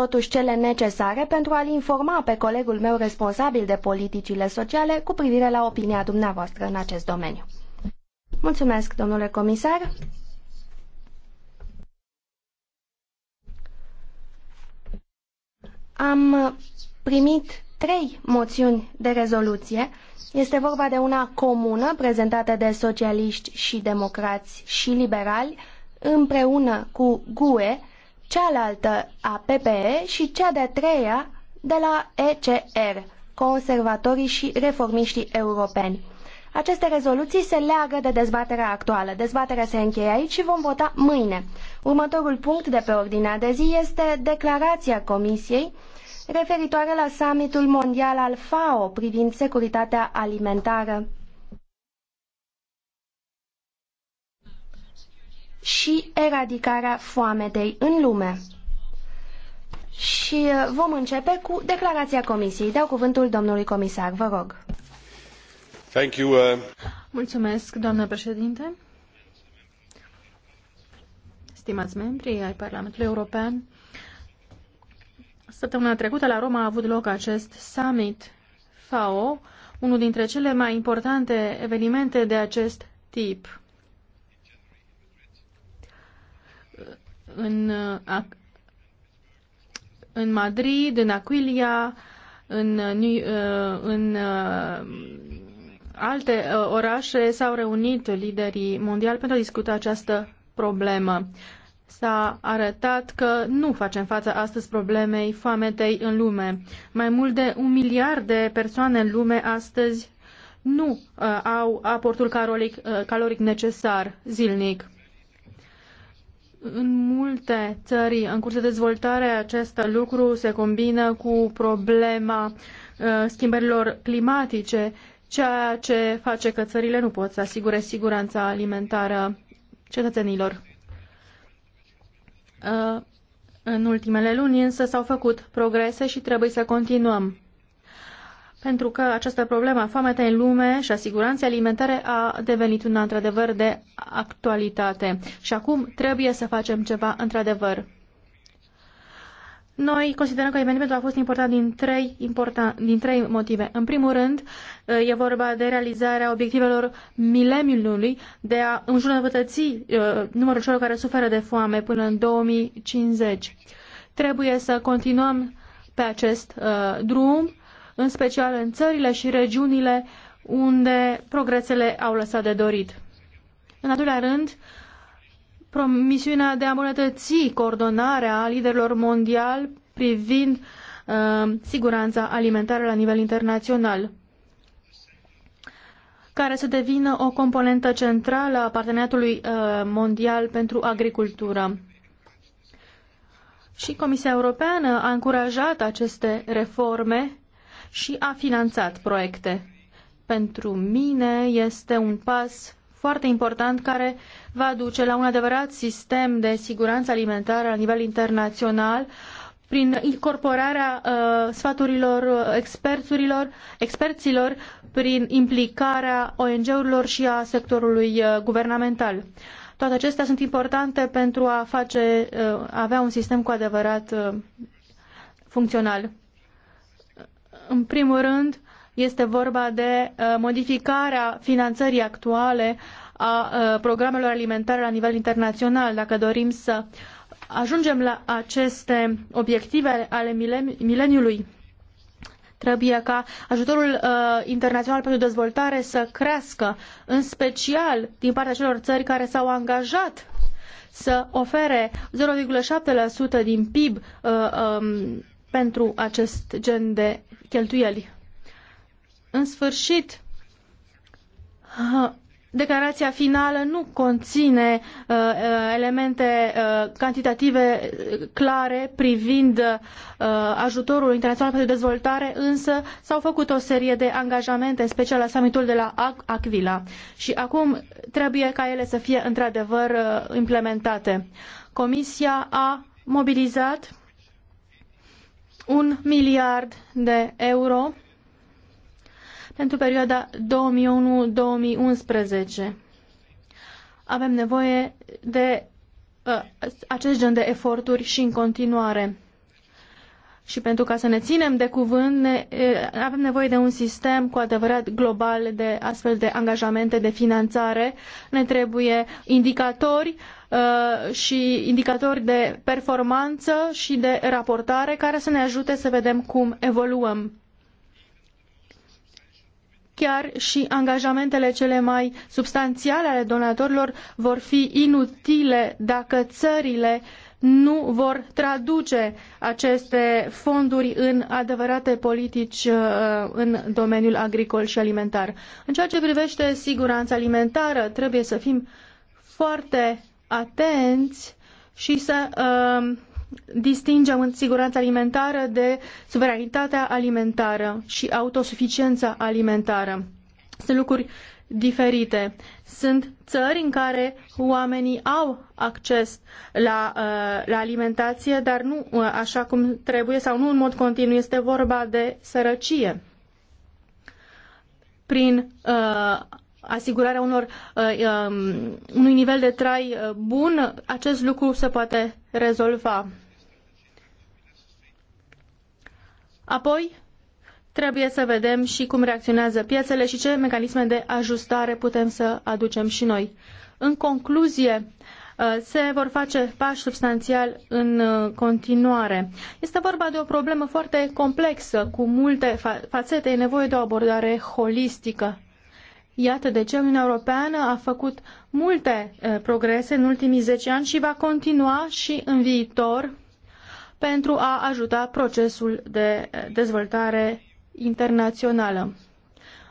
totuși cele necesare pentru a-l informa pe colegul meu responsabil de politicile sociale cu privire la opinia dumneavoastră în acest domeniu. Mulțumesc, domnule comisar. Am primit trei moțiuni de rezoluție. Este vorba de una comună prezentată de socialiști și democrați și liberali împreună cu GUE, cealaltă a PPE și cea de-a treia de la ECR, conservatorii și reformiștii europeni. Aceste rezoluții se leagă de dezbaterea actuală. Dezbaterea se încheie aici și vom vota mâine. Următorul punct de pe ordinea de zi este declarația Comisiei referitoare la summitul mondial al FAO privind securitatea alimentară. și eradicarea foametei în lume. Și uh, vom începe cu declarația Comisiei. Dau cuvântul domnului comisar, vă rog. Thank you, uh... Mulțumesc, doamnă președinte. Stimați membri ai Parlamentului European, săptămâna trecută la Roma a avut loc acest summit FAO, unul dintre cele mai importante evenimente de acest tip în, uh, în Madrid, în Aquilia, în, uh, uh, în alte orașe s-au reunit liderii mondiali pentru a discuta această problemă. S-a arătat că nu facem față astăzi problemei foametei în lume. Mai mult de un miliard de persoane în lume astăzi nu uh, au aportul caloric, uh, caloric necesar zilnic. În multe țări în curs de dezvoltare acest lucru se combină cu problema uh, schimbărilor climatice, ceea ce face că țările nu pot să asigure siguranța alimentară cetățenilor. Uh, în ultimele luni însă s-au făcut progrese și trebuie să continuăm pentru că această problemă a în lume și a siguranței alimentare a devenit una într-adevăr de actualitate. Și acum trebuie să facem ceva într-adevăr. Noi considerăm că evenimentul a fost important din trei, important, din trei motive. În primul rând, e vorba de realizarea obiectivelor mileniului de a înjunătăți uh, numărul celor care suferă de foame până în 2050. Trebuie să continuăm pe acest uh, drum în special în țările și regiunile unde progresele au lăsat de dorit. În al doilea rând, promisiunea de a îmbunătăți coordonarea liderilor mondiali privind uh, siguranța alimentară la nivel internațional care să devină o componentă centrală a parteneriatului uh, mondial pentru agricultură. Și Comisia Europeană a încurajat aceste reforme și a finanțat proiecte. Pentru mine este un pas foarte important care va duce la un adevărat sistem de siguranță alimentară la nivel internațional prin incorporarea uh, sfaturilor uh, experților, experților, prin implicarea ONG-urilor și a sectorului uh, guvernamental. Toate acestea sunt importante pentru a face, uh, avea un sistem cu adevărat uh, funcțional. În primul rând, este vorba de uh, modificarea finanțării actuale a uh, programelor alimentare la nivel internațional. Dacă dorim să ajungem la aceste obiective ale mileniului, trebuie ca ajutorul uh, internațional pentru dezvoltare să crească, în special din partea celor țări care s-au angajat să ofere 0,7% din PIB um, pentru acest gen de cheltuieli. În sfârșit, declarația finală nu conține uh, uh elemente uh, cantitative uh, clare privind uh, ajutorul internațional pentru dezvoltare, însă s-au făcut o serie de angajamente, în special la summitul de la Aquila. Și acum trebuie ca ele să fie într-adevăr uh, implementate. Comisia a mobilizat un miliard de euro pentru perioada 2001-2011. Avem nevoie de uh, acest gen de eforturi și în continuare și pentru ca să ne ținem de cuvânt, ne, avem nevoie de un sistem cu adevărat global de astfel de angajamente de finanțare. Ne trebuie indicatori uh, și indicatori de performanță și de raportare care să ne ajute să vedem cum evoluăm. Chiar și angajamentele cele mai substanțiale ale donatorilor vor fi inutile dacă țările uh, nu vor traduce aceste fonduri în adevărate politici uh, în domeniul agricol și alimentar. În ceea ce privește siguranța alimentară, trebuie să fim foarte atenți și să uh, distingem siguranța alimentară de suveranitatea alimentară și autosuficiența alimentară. Sunt lucruri diferite. Sunt țări în care oamenii au acces la, uh, la alimentație, dar nu uh, așa cum trebuie sau nu în mod continuu. Este vorba de sărăcie. Prin uh, asigurarea unor, uh, um, unui nivel de trai uh, bun, acest lucru se poate rezolva. Apoi, Trebuie să vedem și cum reacționează piețele și ce mecanisme de ajustare putem să aducem și noi. În concluzie, uh, se vor face pași substanțial în uh, continuare. Este vorba de o problemă foarte complexă, cu multe fațete, e nevoie de o abordare holistică. Iată de ce Uniunea Europeană a făcut multe uh, progrese în ultimii zece ani și va continua și în viitor pentru a ajuta procesul de dezvoltare internațională.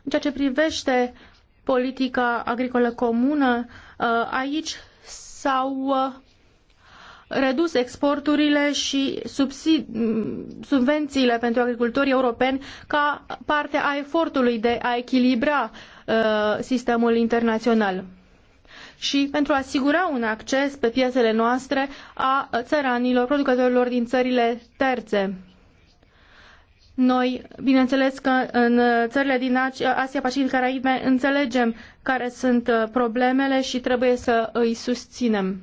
În ceea ce privește politica agricolă comună, uh, aici s-au uh, redus exporturile și mm, subvențiile pentru agricultorii europeni ca parte a efortului de a echilibra uh, sistemul internațional și pentru a asigura un acces pe piețele noastre a țăranilor, producătorilor din țările terțe. Noi, bineînțeles că în uh, țările din uh, Asia Pacific Caraibe înțelegem care sunt uh, problemele și trebuie să îi susținem.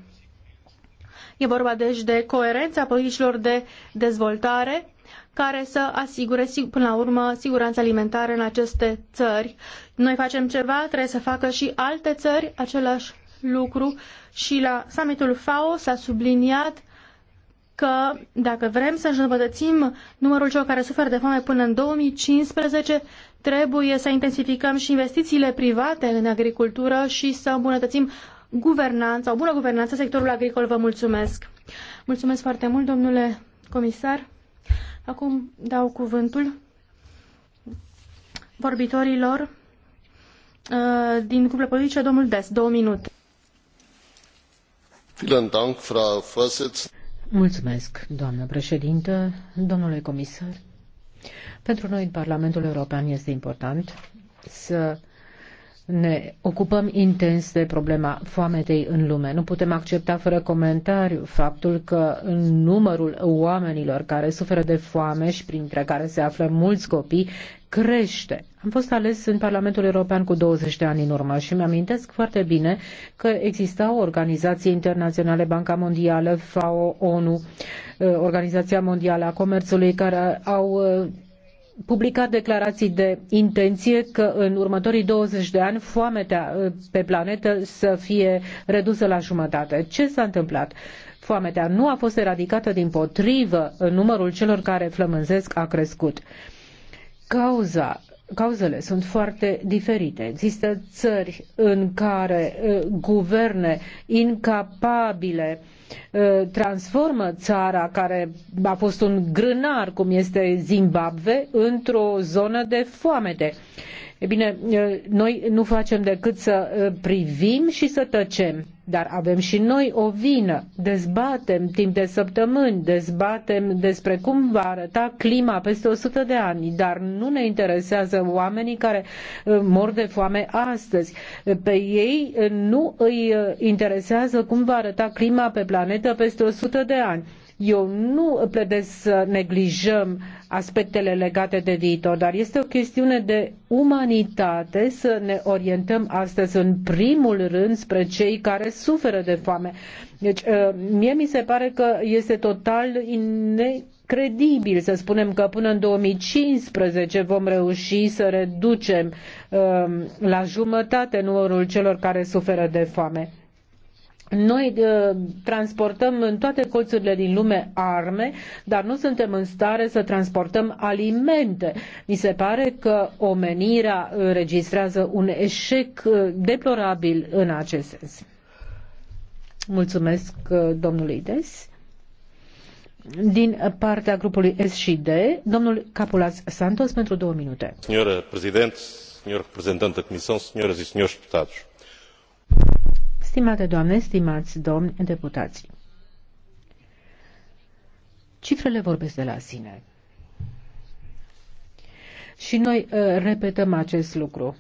E vorba deci de coerența politicilor de dezvoltare care să asigure până la urmă siguranța alimentară în aceste țări. Noi facem ceva, trebuie să facă și alte țări același lucru și la summitul FAO s-a subliniat că dacă vrem să înjumătățim numărul celor care suferă de foame până în 2015, trebuie să intensificăm și investițiile private în agricultură și să îmbunătățim guvernanța, o bună guvernanță sectorul agricol. Vă mulțumesc! Mulțumesc foarte mult, domnule comisar. Acum dau cuvântul vorbitorilor uh, din grupul politice, domnul Des, două minute. Vielen Dank, Frau Vorsitzende. Mulțumesc, doamnă președintă, domnule comisar. Pentru noi Parlamentul European este important să ne ocupăm intens de problema foametei în lume. Nu putem accepta fără comentariu faptul că numărul oamenilor care suferă de foame și printre care se află mulți copii crește. Am fost ales în Parlamentul European cu 20 de ani în urmă și mi-amintesc foarte bine că existau organizații internaționale, Banca Mondială, FAO, ONU, eh, Organizația Mondială a Comerțului, care au eh, publicat declarații de intenție că în următorii 20 de ani foametea eh, pe planetă să fie redusă la jumătate. Ce s-a întâmplat? Foametea nu a fost eradicată din potrivă, numărul celor care flămânzesc a crescut. Cauza, cauzele sunt foarte diferite. Există țări în care uh, guverne incapabile uh, transformă țara care a fost un grânar, cum este Zimbabwe, într-o zonă de foamete. E bine, uh, noi nu facem decât să uh, privim și să tăcem dar avem și noi o vină. Dezbatem timp de săptămâni, dezbatem despre cum va arăta clima peste 100 de ani, dar nu ne interesează oamenii care uh, mor de foame astăzi. Pe ei uh, nu îi uh, interesează cum va arăta clima pe planetă peste 100 de ani eu nu pledez să neglijăm aspectele legate de viitor, dar este o chestiune de umanitate să ne orientăm astăzi în primul rând spre cei care suferă de foame. Deci, uh, mie mi se pare că este total ne credibil să spunem că până în 2015 vom reuși să reducem uh, la jumătate numărul celor care suferă de foame. Noi uh, transportăm în toate colțurile din lume arme, dar nu suntem în stare să transportăm alimente. Mi se pare că omenirea registrează un eșec uh, deplorabil în acest sens. Mulțumesc uh, domnului Des. Din partea grupului S și D, domnul Capulas Santos pentru două minute. Domnule președinte, domnule representante da Comissão, domnule e Stimate doamne, stimați domni deputați, cifrele vorbesc de la sine. Și noi uh, repetăm acest lucru.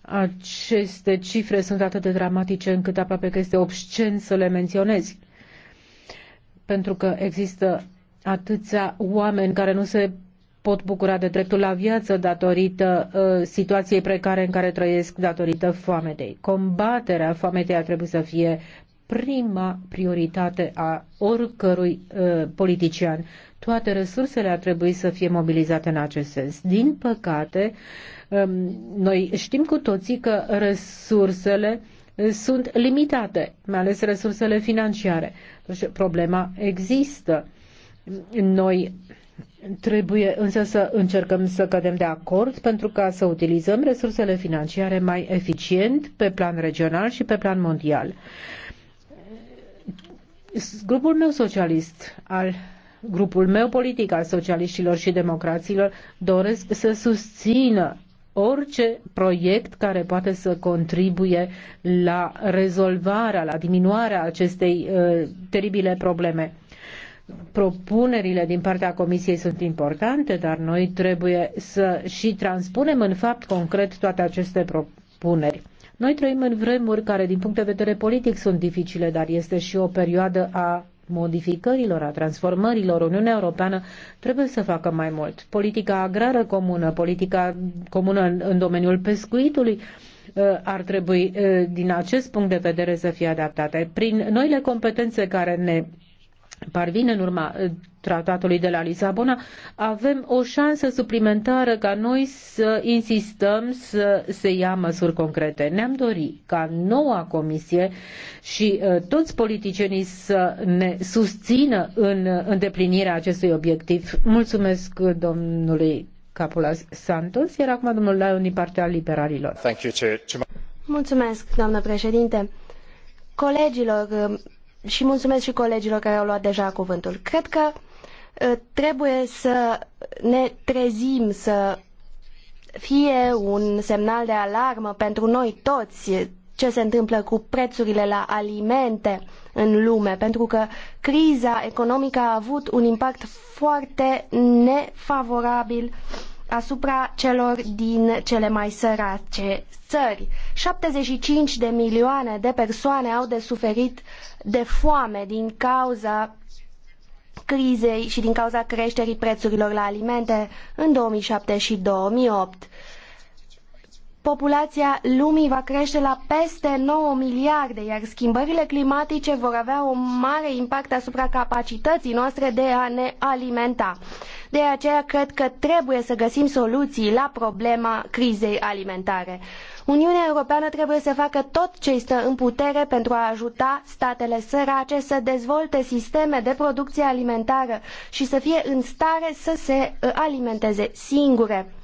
Aceste cifre sunt atât de dramatice încât aproape că este obscen să le menționezi. Pentru că există atâția oameni care nu se pot bucura de dreptul la viață datorită uh, situației precare în care trăiesc datorită foametei. Combaterea foametei ar trebui să fie prima prioritate a oricărui uh, politician. Toate resursele ar trebui să fie mobilizate în acest sens. Din păcate, um, noi știm cu toții că resursele uh, sunt limitate, mai ales resursele financiare. Deci problema există. Noi Trebuie însă să încercăm să cădem de acord pentru ca să utilizăm resursele financiare mai eficient pe plan regional și pe plan mondial. Grupul meu socialist al grupul meu politic al socialiștilor și democraților doresc să susțină orice proiect care poate să contribuie la rezolvarea, la diminuarea acestei uh, teribile probleme propunerile din partea Comisiei sunt importante, dar noi trebuie să și transpunem în fapt concret toate aceste propuneri. Noi trăim în vremuri care, din punct de vedere politic, sunt dificile, dar este și o perioadă a modificărilor, a transformărilor. Uniunea Europeană trebuie să facă mai mult. Politica agrară comună, politica comună în, în domeniul pescuitului, uh, ar trebui, uh, din acest punct de vedere, să fie adaptate. Prin noile competențe care ne parvin în urma uh, tratatului de la Lisabona, avem o șansă suplimentară ca noi să insistăm să se ia măsuri concrete. Ne-am dorit ca noua comisie și uh, toți politicienii să ne susțină în uh, îndeplinirea acestui obiectiv. Mulțumesc domnului Capula Santos, iar acum domnul Laion din partea liberalilor. Mulțumesc, doamnă președinte. Colegilor, și mulțumesc și colegilor care au luat deja cuvântul. Cred că ă, trebuie să ne trezim, să fie un semnal de alarmă pentru noi toți ce se întâmplă cu prețurile la alimente în lume, pentru că criza economică a avut un impact foarte nefavorabil uh, asupra celor din cele mai sărace țări. 75 de milioane de persoane au de suferit de foame din cauza crizei și din cauza creșterii prețurilor la alimente în 2007 și 2008 populația lumii va crește la peste 9 miliarde, iar schimbările climatice vor avea un mare impact asupra capacității noastre de a ne alimenta. De aceea cred că trebuie să găsim soluții la problema crizei alimentare. Uniunea Europeană trebuie să facă tot ce stă în putere pentru a ajuta statele sărace să dezvolte sisteme de producție alimentară și să fie în stare să se uh, alimenteze singure.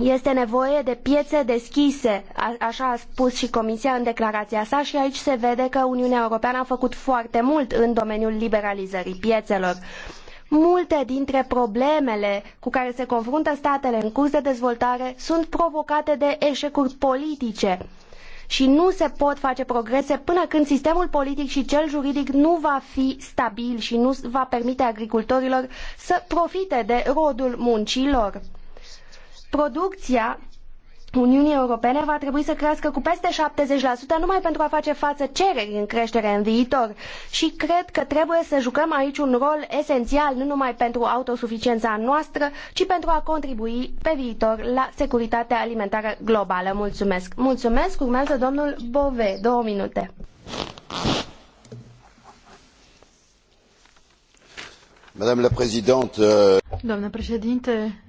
Este nevoie de piețe deschise, așa a spus și Comisia în declarația sa și aici se vede că Uniunea Europeană a făcut foarte mult în domeniul liberalizării piețelor. Multe dintre problemele cu care se confruntă statele în curs de dezvoltare sunt provocate de eșecuri politice și nu se pot face progrese până când sistemul politic și cel juridic nu va fi stabil și nu va permite agricultorilor să profite de rodul muncii lor. Producția Uniunii Europene va trebui să crească cu peste 70% numai pentru a face față cererii în creștere în viitor. Și cred că trebuie să jucăm aici un rol esențial nu numai pentru autosuficiența noastră, ci pentru a contribui pe viitor la securitatea alimentară globală. Mulțumesc! Mulțumesc! Urmează domnul Bove. Două minute. Euh, Doamnă președinte,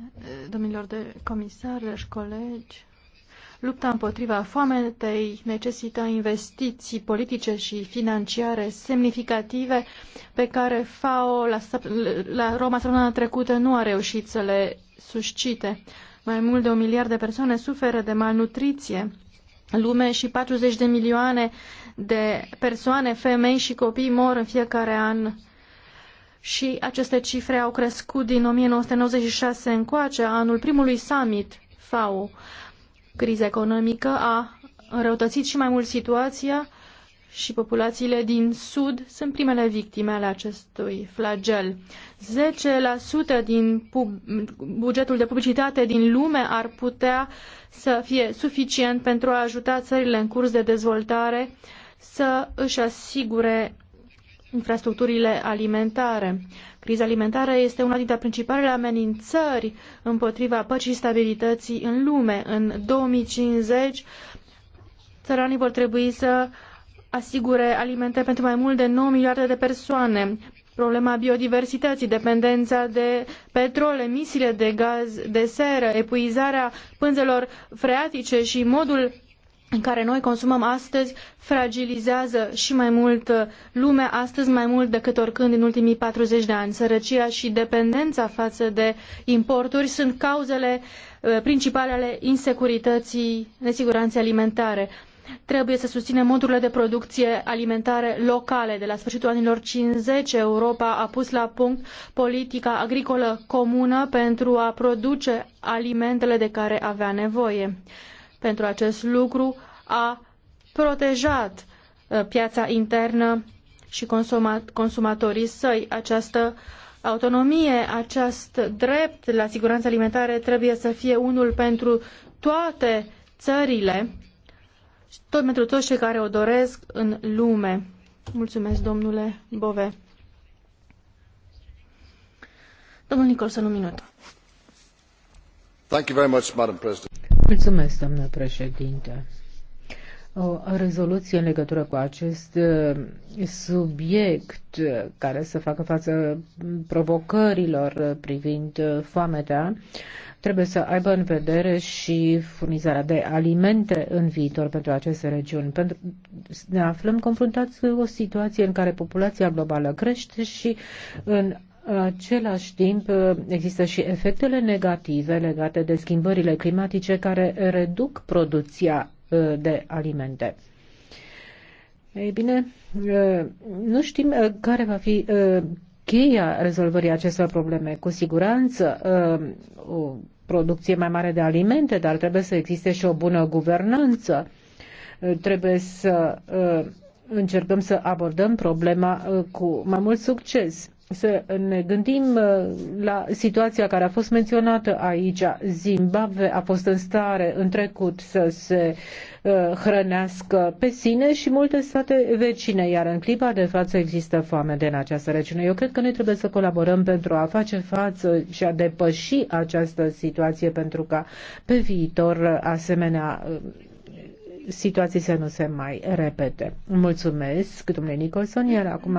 domnilor de comisari dragi colegi, lupta împotriva foametei necesită investiții politice și financiare semnificative pe care FAO la, la Roma săptămâna trecută nu a reușit să le suscite. Mai mult de un miliard de persoane suferă de malnutriție lume și 40 de milioane de persoane, femei și copii mor în fiecare an și aceste cifre au crescut din 1996 încoace, anul primului summit FAO. Criza economică a înrăutățit și mai mult situația și populațiile din sud sunt primele victime ale acestui flagel. 10% din bugetul de publicitate din lume ar putea să fie suficient pentru a ajuta țările în curs de dezvoltare să își asigure infrastructurile alimentare. Criza alimentară este una dintre principalele amenințări împotriva păcii și stabilității în lume. În 2050, țăranii vor trebui să asigure alimente pentru mai mult de 9 miliarde de persoane. Problema biodiversității, dependența de petrol, emisiile de gaz de seră, epuizarea pânzelor freatice și modul în care noi consumăm astăzi fragilizează și mai mult uh, lumea astăzi mai mult decât oricând în ultimii 40 de ani. Sărăcia și dependența față de importuri sunt cauzele uh, principale ale insecurității, nesiguranței alimentare. Trebuie să susținem modurile de producție alimentare locale. De la sfârșitul anilor 50, Europa a pus la punct politica agricolă comună pentru a produce alimentele de care avea nevoie pentru acest lucru a protejat uh, piața internă și consumatorii săi. Această autonomie, acest drept la siguranță alimentară trebuie să fie unul pentru toate țările, tot pentru toți cei care o doresc în lume. Mulțumesc, domnule Bove. Domnul Nicolson, un minut. Thank you very much, Madam President. Mulțumesc, doamnă președinte. O rezoluție în legătură cu acest uh, subiect uh, care să facă față provocărilor uh, privind foamea trebuie să aibă în vedere și furnizarea de alimente în viitor pentru aceste regiuni. Pentru ne aflăm confruntați cu o situație în care populația globală crește și în același timp, există și efectele negative legate de schimbările climatice care reduc producția uh, de alimente. Ei bine, uh, nu știm uh, care va fi cheia rezolvării acestor probleme. Cu siguranță o producție mai mare de alimente, dar trebuie să existe și o bună guvernanță. Trebuie să încercăm să abordăm problema cu mai mult succes să ne gândim uh, la situația care a fost menționată aici. Zimbabwe a fost în stare în trecut să se uh, hrănească pe sine și multe state vecine, iar în clipa de față există foame în această regiune. Eu cred că noi trebuie să colaborăm pentru a face față și a depăși această situație pentru ca pe viitor uh, asemenea situații să nu se mai repete. Mulțumesc, domnule Nicholson, iar acum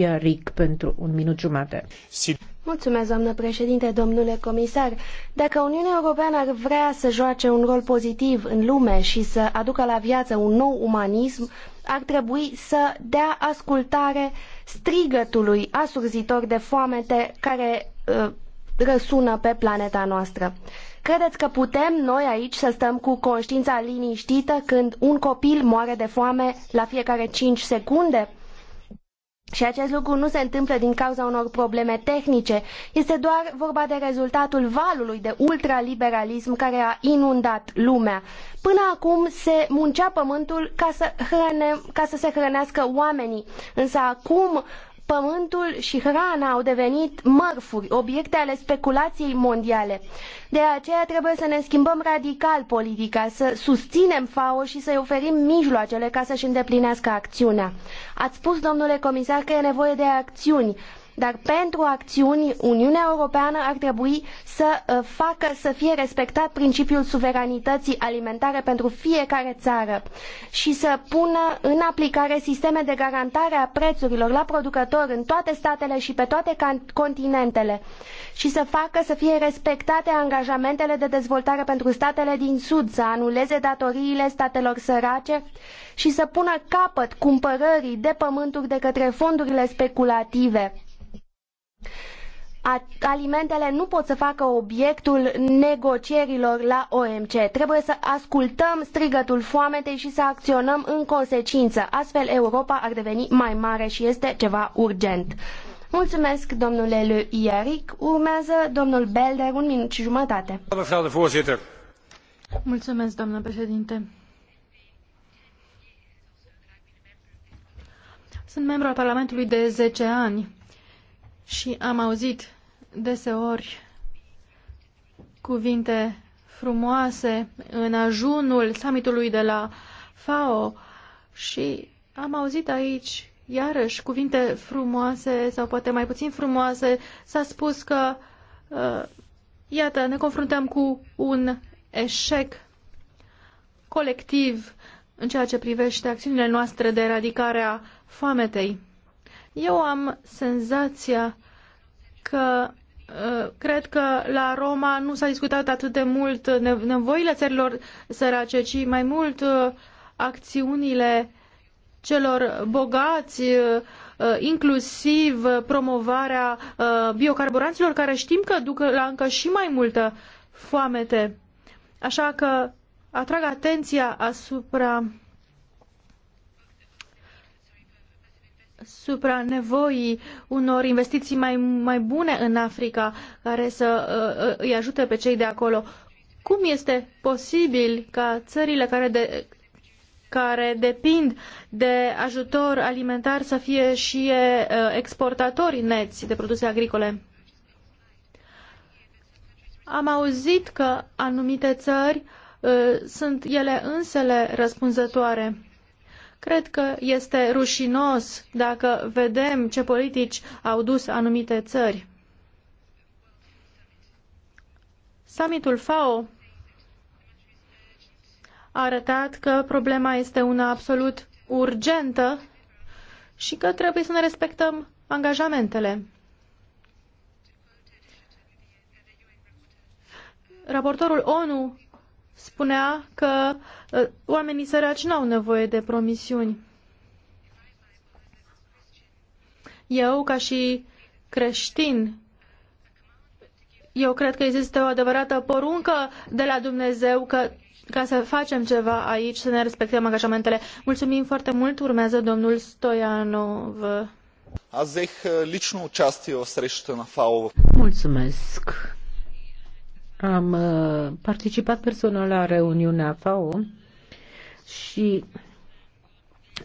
Iaric pentru un minut jumate. Mulțumesc, doamnă președinte, domnule comisar. Dacă Uniunea Europeană ar vrea să joace un rol pozitiv în lume și să aducă la viață un nou umanism, ar trebui să dea ascultare strigătului asurzitor de foamete care uh, răsună pe planeta noastră. Credeți că putem noi aici să stăm cu conștiința liniștită când un copil moare de foame la fiecare cinci secunde? Și acest lucru nu se întâmplă din cauza unor probleme tehnice, este doar vorba de rezultatul valului de ultraliberalism care a inundat lumea. Până acum se muncea pământul ca să, hrăne, ca să se hrănească oamenii, însă acum pământul și hrana au devenit mărfuri, obiecte ale speculației mondiale. De aceea trebuie să ne schimbăm radical politica, să susținem FAO și să-i oferim mijloacele ca să-și îndeplinească acțiunea. Ați spus, domnule comisar, că e nevoie de acțiuni. Dar pentru acțiuni, Uniunea Europeană ar trebui să uh, facă să fie respectat principiul suveranității alimentare pentru fiecare țară și să pună în aplicare sisteme de garantare a prețurilor la producători în toate statele și pe toate continentele și să facă să fie respectate angajamentele de dezvoltare pentru statele din Sud, să anuleze datoriile statelor sărace și să pună capăt cumpărării de pământuri de către fondurile speculative alimentele nu pot să facă obiectul negocierilor la OMC. Trebuie să ascultăm strigătul foametei și să acționăm în consecință. Astfel Europa ar deveni mai mare și este ceva urgent. Mulțumesc, domnule Le Ieric. Urmează domnul Belder, un minut și jumătate. Mulțumesc, domnule președinte. Sunt membru al Parlamentului de zece ani și am auzit deseori cuvinte frumoase în ajunul summitului de la FAO și am auzit aici iarăși cuvinte frumoase sau poate mai puțin frumoase. S-a spus că, uh, iată, ne confruntăm cu un eșec colectiv în ceea ce privește acțiunile noastre de eradicare a foametei. Eu am senzația că uh, cred că la Roma nu s-a discutat atât de mult nevoile țărilor sărace, ci mai mult uh, acțiunile celor bogați, uh, inclusiv promovarea biocarburanților, care știm că duc la încă și mai multă foamete. Așa că atrag atenția asupra supra nevoii unor investiții mai, mai bune în Africa care să uh, uh, îi ajute pe cei de acolo. Cum este posibil ca țările care, de, care depind de ajutor alimentar să fie și uh, exportatori neți de produse agricole? Am auzit că anumite țări uh, sunt ele însele răspunzătoare Cred că este rușinos dacă vedem ce politici au dus anumite țări. Summitul FAO a arătat că problema este una absolut urgentă și că trebuie să ne respectăm angajamentele. Raportorul ONU spunea că uh, oamenii săraci n-au nevoie de promisiuni. Eu, ca și creștin, eu cred că există o adevărată poruncă de la Dumnezeu că ca să facem ceva aici, să ne respectăm angajamentele. Mulțumim foarte mult, urmează domnul Stoianov. Azi взех лично o в срещата на Mulțumesc. Am uh, participat personal la reuniunea FAO și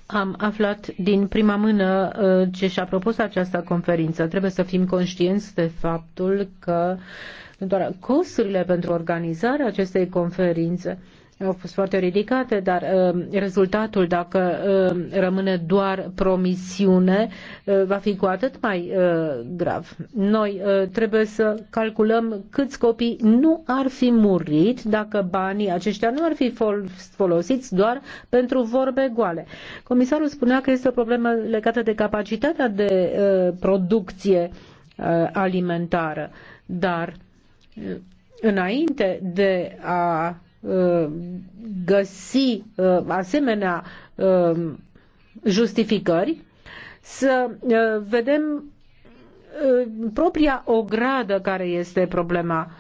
am aflat din prima mână uh, ce și-a propus această conferință. Trebuie să fim conștienți de faptul că doar costurile pentru organizarea acestei conferințe a fost foarte ridicate, dar um, rezultatul, dacă um, rămâne doar promisiune, uh, va fi cu atât mai uh, grav. Noi uh, trebuie să calculăm câți copii nu ar fi murit dacă banii aceștia nu ar fi folosiți doar pentru vorbe goale. Comisarul spunea că este o problemă legată de capacitatea de producție alimentară, dar înainte de a Uh, găsi uh, asemenea uh, justificări, să vedem propria ogradă care este problema.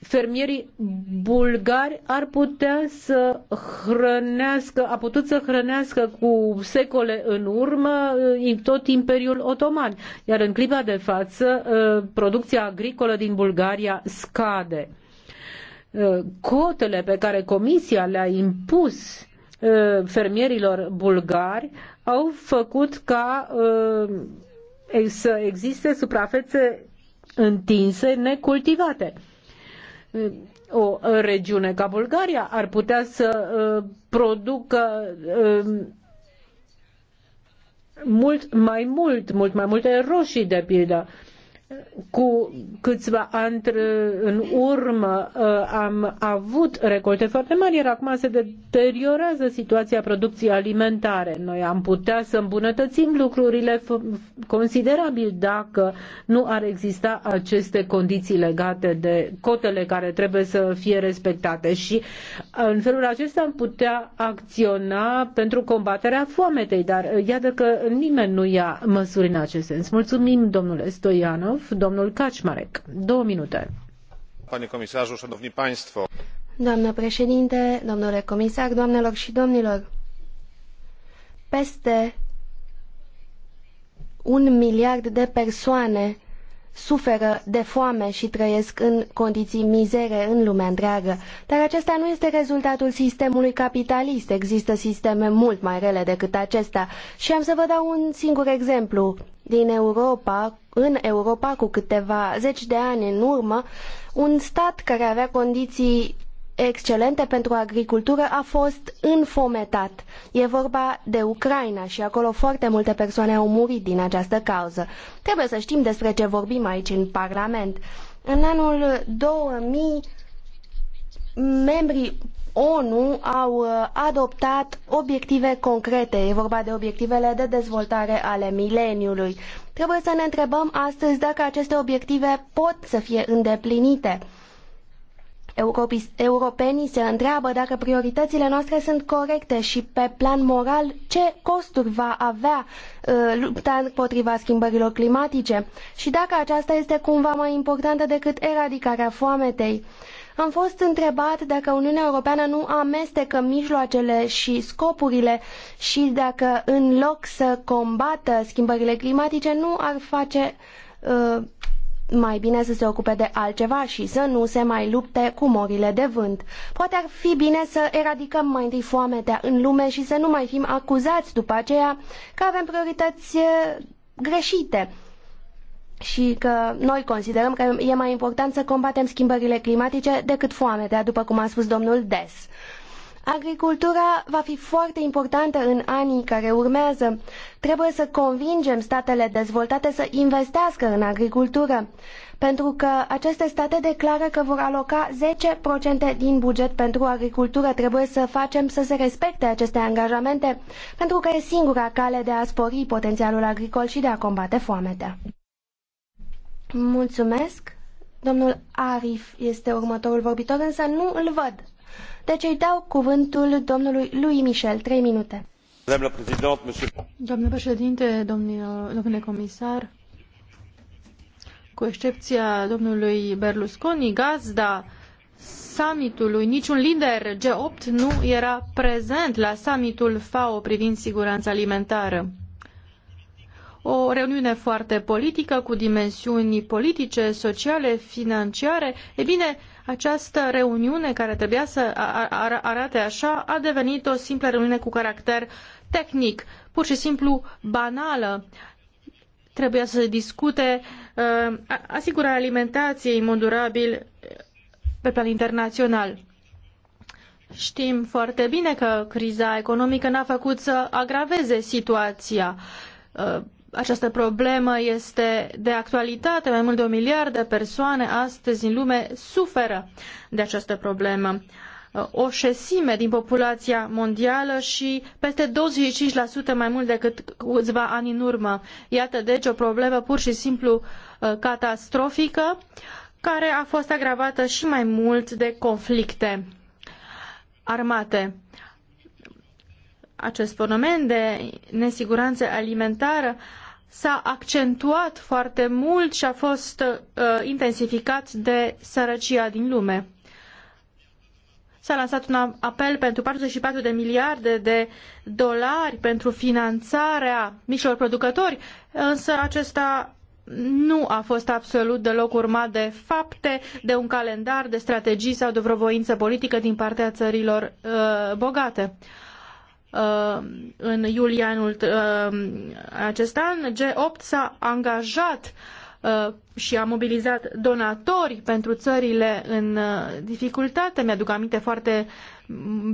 Fermierii bulgari ar putea să hrănească, a putut să hrănească cu secole în urmă tot Imperiul Otoman, iar în clipa de față producția agricolă din Bulgaria scade cotele pe care Comisia le-a impus uh, fermierilor bulgari au făcut ca uh, să existe suprafețe întinse, necultivate. Uh, o regiune ca Bulgaria ar putea să producă mult mai mult, mult mai multe roșii de pildă cu câțiva ani în urmă uh, am avut recolte foarte mari, iar acum se deteriorează situația producției alimentare. Noi am putea să îmbunătățim lucrurile considerabil dacă nu ar exista aceste condiții legate de cotele care trebuie să fie respectate și uh, în felul acesta am putea acționa pentru combaterea foametei, dar uh, iată că nimeni nu ia măsuri în acest sens. Mulțumim, domnule Stoianov. Kirilov, domnul Kaczmarek. Două minute. Panie comisarzu, szanowni państwo. Doamnă președinte, domnule comisar, doamnelor și domnilor, peste un miliard de persoane suferă de foame și trăiesc în condiții mizere în lumea întreagă. Dar acesta nu este rezultatul sistemului capitalist. Există sisteme mult mai rele decât acesta. Și am să vă dau un singur exemplu din Europa, în Europa cu câteva zeci de ani în urmă, un stat care avea condiții excelente pentru agricultură a fost înfometat. E vorba de Ucraina și acolo foarte multe persoane au murit din această cauză. Trebuie să știm despre ce vorbim aici în Parlament. În anul 2000, membrii ONU au uh, adoptat obiective concrete. E vorba de obiectivele de dezvoltare ale mileniului. Trebuie să ne întrebăm astăzi dacă aceste obiective pot să fie îndeplinite. europenii se întreabă dacă prioritățile noastre sunt corecte și pe plan moral ce costuri va avea uh, lupta împotriva schimbărilor climatice și dacă aceasta este cumva mai importantă decât eradicarea foametei. Uh, am fost întrebat dacă Uniunea Europeană nu amestecă mijloacele și scopurile și dacă în loc să combată schimbările climatice nu ar face uh, mai bine să se ocupe de altceva și să nu se mai lupte cu morile de vânt. Poate ar fi bine să eradicăm mai întâi foametea în lume și să nu mai fim acuzați după aceea că avem priorități uh, greșite și că noi considerăm că e mai important să combatem schimbările climatice decât foametea, după cum a spus domnul Des. Agricultura va fi foarte importantă în anii care urmează. Trebuie să convingem statele dezvoltate să investească în agricultură, pentru că aceste state declară că vor aloca 10% din buget pentru agricultură. Trebuie să facem să se respecte aceste angajamente, pentru că e singura cale de a spori potențialul agricol și de a combate foametea. Mulțumesc. Domnul Arif este următorul vorbitor, însă nu îl văd. Deci îi dau cuvântul domnului lui Michel. Trei minute. Doamnă președinte, domnule, domnule comisar, cu excepția domnului Berlusconi, gazda summitului, niciun lider G8 nu era prezent la summitul FAO privind siguranța alimentară o reuniune foarte politică cu dimensiuni politice, sociale, financiare. E bine, această reuniune care trebuia să arate așa a devenit o simplă reuniune cu caracter tehnic, pur și simplu banală. Trebuia să se discute uh, asigurarea alimentației în mod durabil uh, pe plan internațional. Știm foarte bine că criza economică n-a făcut să agraveze situația. Uh, această problemă este de actualitate. Mai mult de un miliard de persoane astăzi în lume suferă de această problemă. O șesime din populația mondială și peste 25% mai mult decât câțiva ani în urmă. Iată deci o problemă pur și simplu uh, catastrofică care a fost agravată și mai mult de conflicte armate acest fenomen de nesiguranță alimentară s-a accentuat foarte mult și a fost uh, intensificat de sărăcia din lume. S-a lansat un apel pentru 44 de miliarde de dolari pentru finanțarea micilor producători, însă acesta nu a fost absolut deloc urmat de fapte, de un calendar, de strategii sau de vreo voință politică din partea țărilor uh, bogate. Uh, Uh, în iulie anul uh, acest an, G8 s-a angajat uh, și a mobilizat donatori pentru țările în dificultate. Mi-aduc aminte foarte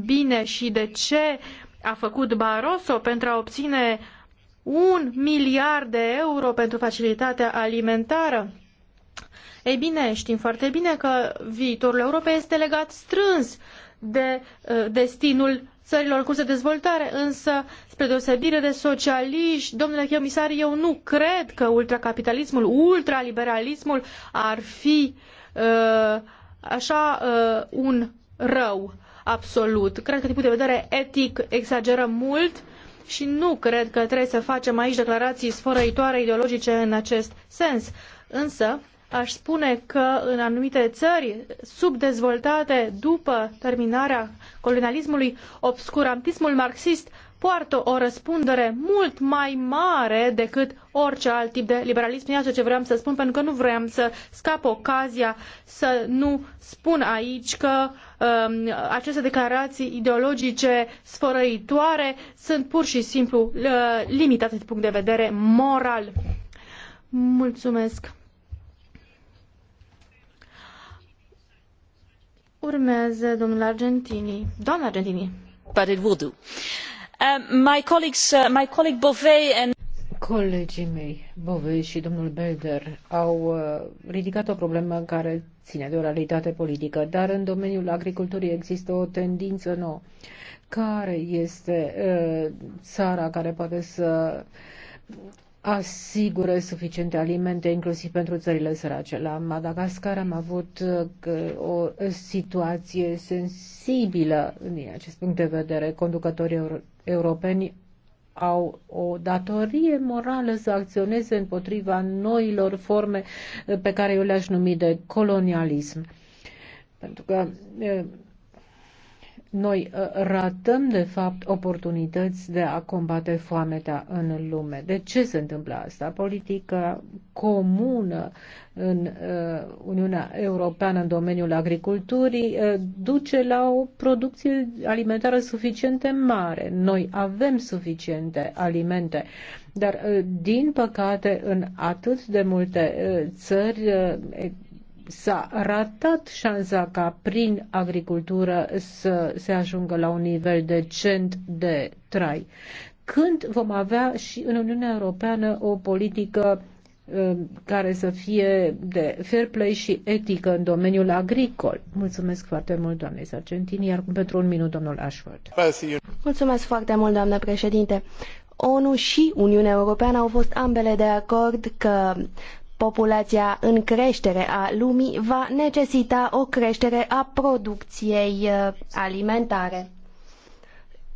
bine și de ce a făcut Barroso pentru a obține un miliard de euro pentru facilitatea alimentară. Ei bine, știm foarte bine că viitorul Europei este legat strâns de destinul țărilor curs de dezvoltare, însă, spre deosebire de socialiști, domnule comisar, eu nu cred că ultracapitalismul, ultraliberalismul ar fi uh, așa uh, un rău absolut. Cred că, din punct de vedere etic, exagerăm mult și nu cred că trebuie să facem aici declarații sfărăitoare ideologice în acest sens. Însă, aș spune că în anumite țări subdezvoltate după terminarea colonialismului, obscurantismul marxist poartă o răspundere mult mai mare decât orice alt tip de liberalism. Iată ce vreau să spun, pentru că nu vreau să scap ocazia să nu spun aici că um, aceste declarații ideologice sfărăitoare sunt pur și simplu uh, limitate din punct de vedere moral. Mulțumesc! Urmează domnul Argentini. Doamna Argentini. But it will do. Um, my colleagues, uh, my colleague Bové and Colegii mei, Bove și domnul Belder, au uh, ridicat o problemă care ține de o realitate politică, dar în domeniul agriculturii există o tendință nouă. Care este uh, țara care poate să asigure suficiente alimente, inclusiv pentru țările sărace. La Madagascar am avut uh, o situație sensibilă din acest punct de vedere. Conducătorii europeni au o datorie morală să acționeze împotriva noilor forme uh, pe care eu le-aș numi de colonialism. Pentru că uh, noi uh, ratăm, de fapt, oportunități de a combate foametea în lume. De ce se întâmplă asta? Politica comună în uh, Uniunea Europeană în domeniul agriculturii uh, duce la o producție alimentară suficient de mare. Noi avem suficiente alimente, dar, din păcate, în atât de multe țări s-a ratat șansa ca prin agricultură să se ajungă la un nivel decent de trai. Când vom avea și în Uniunea Europeană o politică um, care să fie de fair play și etică în domeniul agricol. Mulțumesc foarte mult, doamnei Sargentini, iar pentru un minut, domnul Ashford. Mulțumesc foarte mult, doamnă președinte. ONU și Uniunea Europeană au fost ambele de acord că populația în creștere a lumii va necesita o creștere a producției uh, alimentare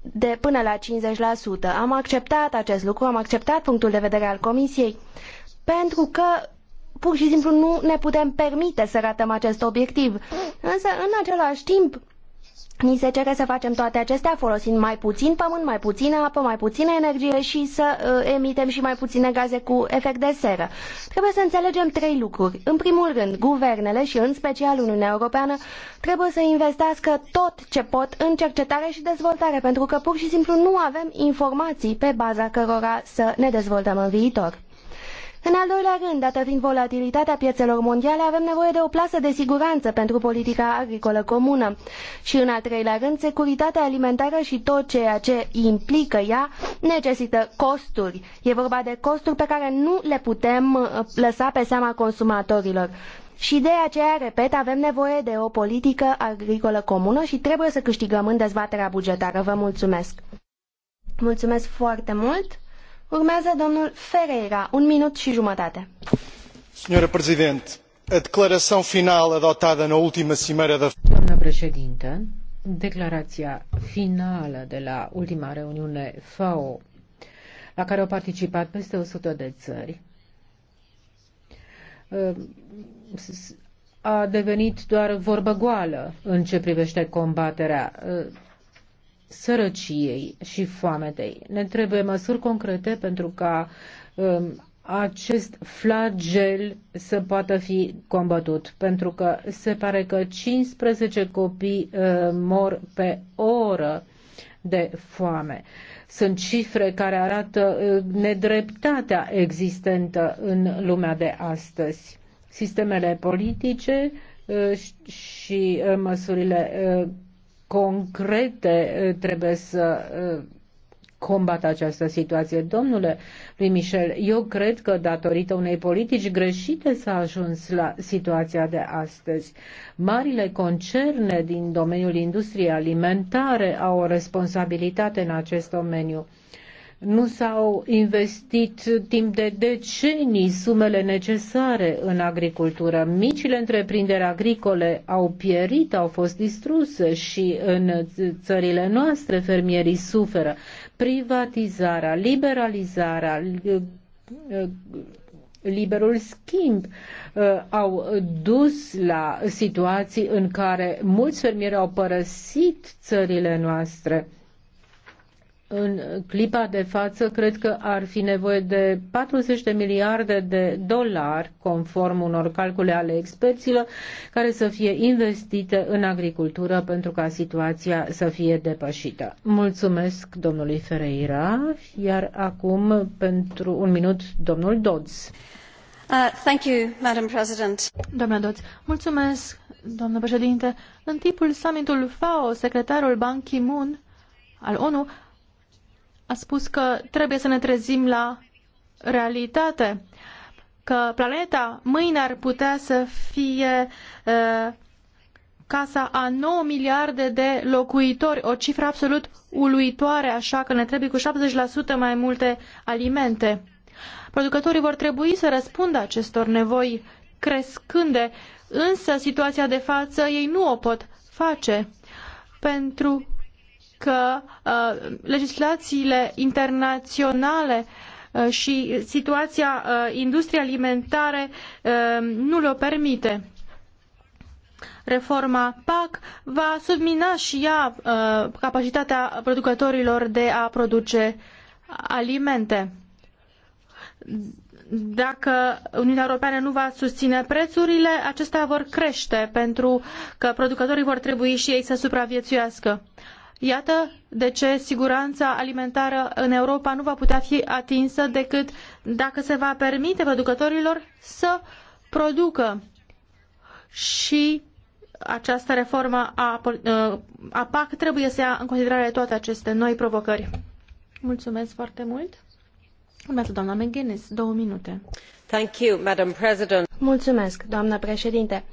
de până la 50%. Am acceptat acest lucru, am acceptat punctul de vedere al Comisiei, pentru că pur și simplu nu ne putem permite să ratăm acest obiectiv. Însă, în același timp, Ni se cere să facem toate acestea folosind mai puțin pământ, mai puțină apă, mai puțină energie și să uh, emitem și mai puține gaze cu efect de seră. Trebuie să înțelegem trei lucruri. În primul rând, guvernele și în special Uniunea Europeană trebuie să investească tot ce pot în cercetare și dezvoltare, pentru că pur și simplu nu avem informații pe baza cărora să ne dezvoltăm în viitor. În al doilea rând, dată fiind volatilitatea piețelor mondiale, avem nevoie de o plasă de siguranță pentru politica agricolă comună. Și în al treilea rând, securitatea alimentară și tot ceea ce implică ea necesită costuri. E vorba de costuri pe care nu le putem uh, lăsa pe seama consumatorilor. Și de aceea, repet, avem nevoie de o politică agricolă comună și trebuie să câștigăm în dezbaterea bugetară. Vă mulțumesc! Mulțumesc foarte mult! Urmează domnul Ferreira, un minut și jumătate. Senhora Presidente, a declaração final adotada na última cimeira da... Doamna președinte, declarația finală de la ultima reuniune FAO, la care au participat peste 100 de țări, ă, a devenit doar vorbă goală în ce privește combaterea ă, sărăciei și foametei. Ne trebuie măsuri concrete pentru ca um, acest flagel să poată fi combătut, pentru că se pare că 15 copii uh, mor pe oră de foame. Sunt cifre care arată uh, nedreptatea existentă în lumea de astăzi. Sistemele politice uh, și uh, măsurile uh, concrete uh, trebuie să uh, combată această situație. Domnule Primișel, eu cred că datorită unei politici greșite s-a ajuns la situația de astăzi. Marile concerne din domeniul industriei alimentare au o responsabilitate în acest domeniu nu s-au investit timp de decenii sumele necesare în agricultură. Micile întreprinderi agricole au pierit, au fost distruse și în țările noastre fermierii suferă. Privatizarea, liberalizarea, liberul schimb uh, au dus la situații în care mulți fermieri au părăsit țările noastre în clipa de față cred că ar fi nevoie de 40 de miliarde de dolari, conform unor calcule ale experților, care să fie investite în agricultură pentru ca situația să fie depășită. Mulțumesc domnului Ferreira, iar acum pentru un minut domnul Dodds. Uh, thank you, Madam President. Doamna Dodds, mulțumesc, doamnă președinte. În timpul summitul FAO, secretarul Ban Ki-moon al ONU a spus că trebuie să ne trezim la realitate, că planeta mâine ar putea să fie uh, casa a 9 miliarde de locuitori, o cifră absolut uluitoare, așa că ne trebuie cu 70% mai multe alimente. Producătorii vor trebui să răspundă acestor nevoi crescânde, însă situația de față ei nu o pot face, pentru că uh, legislațiile internaționale uh, și situația uh, industriei alimentare uh, nu le-o permite. Reforma PAC va submina și ea uh, capacitatea producătorilor de a produce alimente dacă Uniunea Europeană nu va susține prețurile, acestea vor crește pentru că producătorii vor trebui și ei să supraviețuiască. Iată de ce siguranța alimentară în Europa nu va putea fi atinsă decât dacă se va permite producătorilor să producă. Și această reformă a, ă, a PAC trebuie să ia în considerare toate aceste noi provocări. Mulțumesc foarte mult. Urmează doamna McGuinness, două minute. Thank you, Madam President. Mulțumesc, doamnă președinte.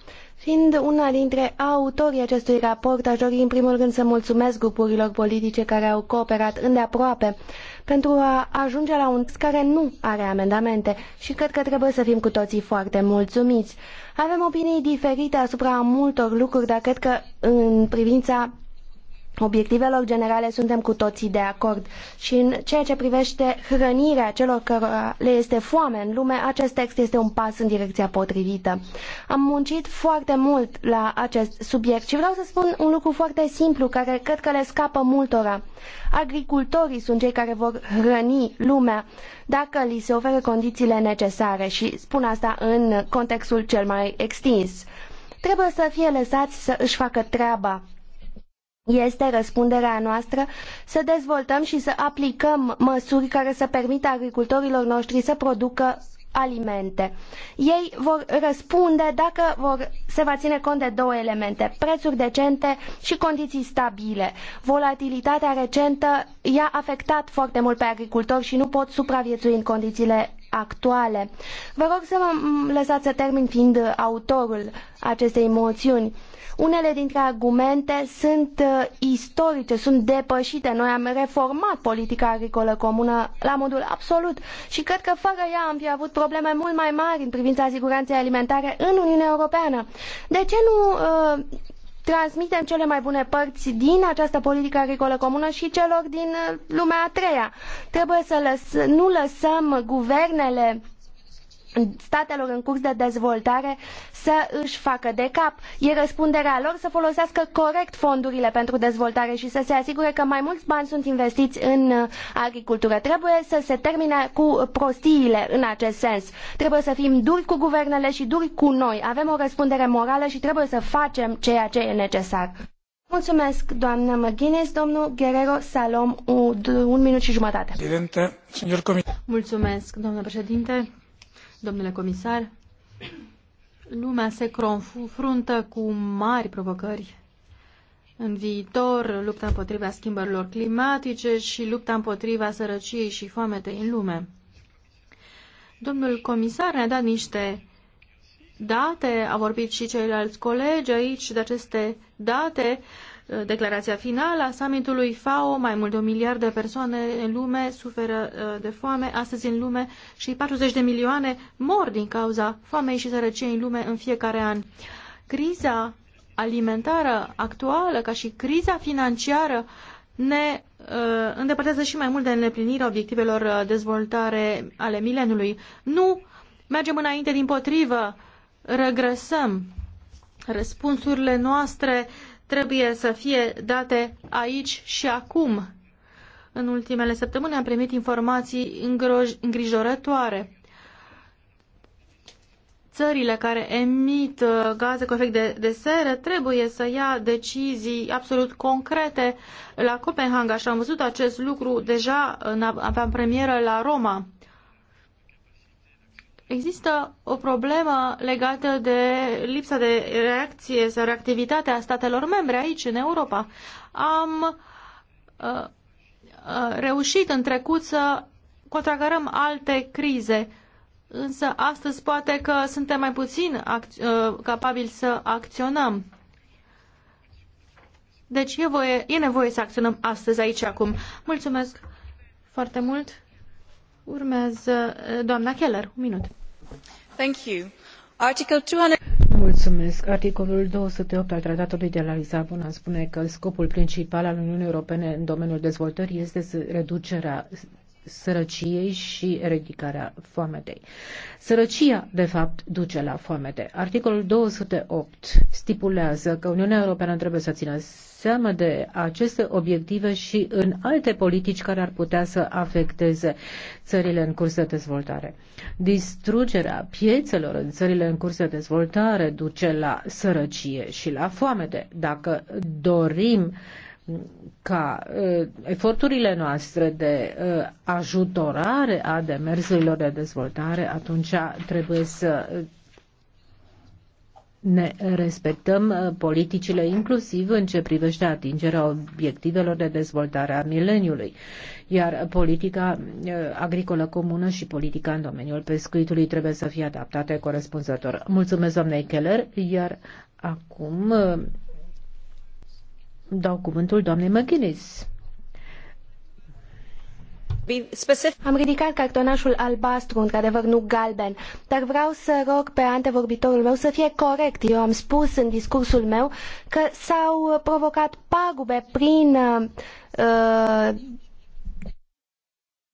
Fiind una dintre autorii acestui raport, aș dori în primul rând să mulțumesc grupurilor politice care au cooperat îndeaproape pentru a ajunge la un text care nu are amendamente și cred că trebuie să fim cu toții foarte mulțumiți. Avem opinii diferite asupra multor lucruri, dar cred că în privința obiectivelor generale suntem cu toții de acord. Și în ceea ce privește hrănirea celor care le este foame în lume, acest text este un pas în direcția potrivită. Am muncit foarte mult la acest subiect și vreau să spun un lucru foarte simplu care cred că le scapă multora. Agricultorii sunt cei care vor hrăni lumea dacă li se oferă condițiile necesare și spun asta în contextul cel mai extins. Trebuie să fie lăsați să își facă treaba este răspunderea noastră să dezvoltăm și să aplicăm măsuri care să permită agricultorilor noștri să producă alimente. Ei vor răspunde dacă vor, se va ține cont de două elemente, prețuri decente și condiții stabile. Volatilitatea recentă i-a afectat foarte mult pe agricultori și nu pot supraviețui în condițiile actuale. Vă rog să mă lăsați să termin fiind autorul acestei moțiuni. Unele dintre argumente sunt uh, istorice, sunt depășite. Noi am reformat politica agricolă comună la modul absolut și cred că fără ea am fi avut probleme mult mai mari în privința siguranței alimentare în Uniunea Europeană. De ce nu uh, transmitem cele mai bune părți din această politică agricolă comună și celor din uh, lumea a treia. Trebuie să lăs, nu lăsăm guvernele statelor în curs de dezvoltare să își facă de cap. E răspunderea lor să folosească corect fondurile pentru dezvoltare și să se asigure că mai mulți bani sunt investiți în uh, agricultură. Trebuie să se termine cu prostiile în acest sens. Trebuie să fim duri cu guvernele și duri cu noi. Avem o răspundere morală și trebuie să facem ceea ce e necesar. Mulțumesc, doamnă McGuinness. Domnul Guerrero Salom, un, minut și jumătate. Mulțumesc, domnule președinte domnule comisar. Lumea se confruntă cu mari provocări în viitor, lupta împotriva schimbărilor climatice și lupta împotriva sărăciei și foametei în lume. Domnul comisar ne-a dat niște date, a vorbit și ceilalți colegi aici de aceste date Uh, declarația finală a summitului FAO, mai mult de un miliard de persoane în lume suferă uh, de foame astăzi în lume și 40 de milioane mor din cauza foamei și sărăciei în lume în fiecare an. Criza alimentară actuală, ca și criza financiară, ne uh, îndepărtează și mai mult de îndeplinirea obiectivelor uh, dezvoltare ale mileniului. Nu mergem înainte, din potrivă, regresăm. Răspunsurile noastre uh, trebuie să fie date aici și acum. În ultimele săptămâni am primit informații îngrijorătoare. Țările care emit uh, gaze cu efect de, de seră trebuie să ia decizii absolut concrete. La Copenhaga și am văzut acest lucru deja în, în premieră la Roma Există o problemă legată de lipsa de reacție sau reactivitate a statelor membre aici, în Europa. Am uh, uh, reușit în trecut să contracarăm alte crize, însă astăzi poate că suntem mai puțin uh, capabili să acționăm. Deci e, voie, e nevoie să acționăm astăzi, aici, acum. Mulțumesc foarte mult! Eh, articolul două Keller, opt minut. Mulțumesc. Articolul 208 al Tratatului de la Lisabona spune că scopul principal al Uniunii Europene în domeniul dezvoltării este reducerea sărăciei și ridicarea foametei. Sărăcia, de fapt, duce la foamete. Articolul 208 stipulează că Uniunea Europeană trebuie să țină seama de aceste obiective și în alte politici care ar putea să afecteze țările în curs de dezvoltare. Distrugerea piețelor în țările în curs de dezvoltare duce la sărăcie și la foamete. Dacă dorim uh, ca uh, eforturile noastre de uh, ajutorare a demersurilor de dezvoltare, atunci trebuie să ne respectăm ă, politicile inclusiv în ce privește atingerea obiectivelor de dezvoltare a mileniului, iar politica agricolă comună și politica în domeniul pescuitului trebuie să fie adaptate corespunzător. Mulțumesc, doamnei Keller, iar acum dau cuvântul doamnei McGuinness. Am ridicat cartonașul albastru, într-adevăr nu galben, dar vreau să rog pe antevorbitorul meu să fie corect. Eu am spus în discursul meu că s-au provocat pagube prin, uh,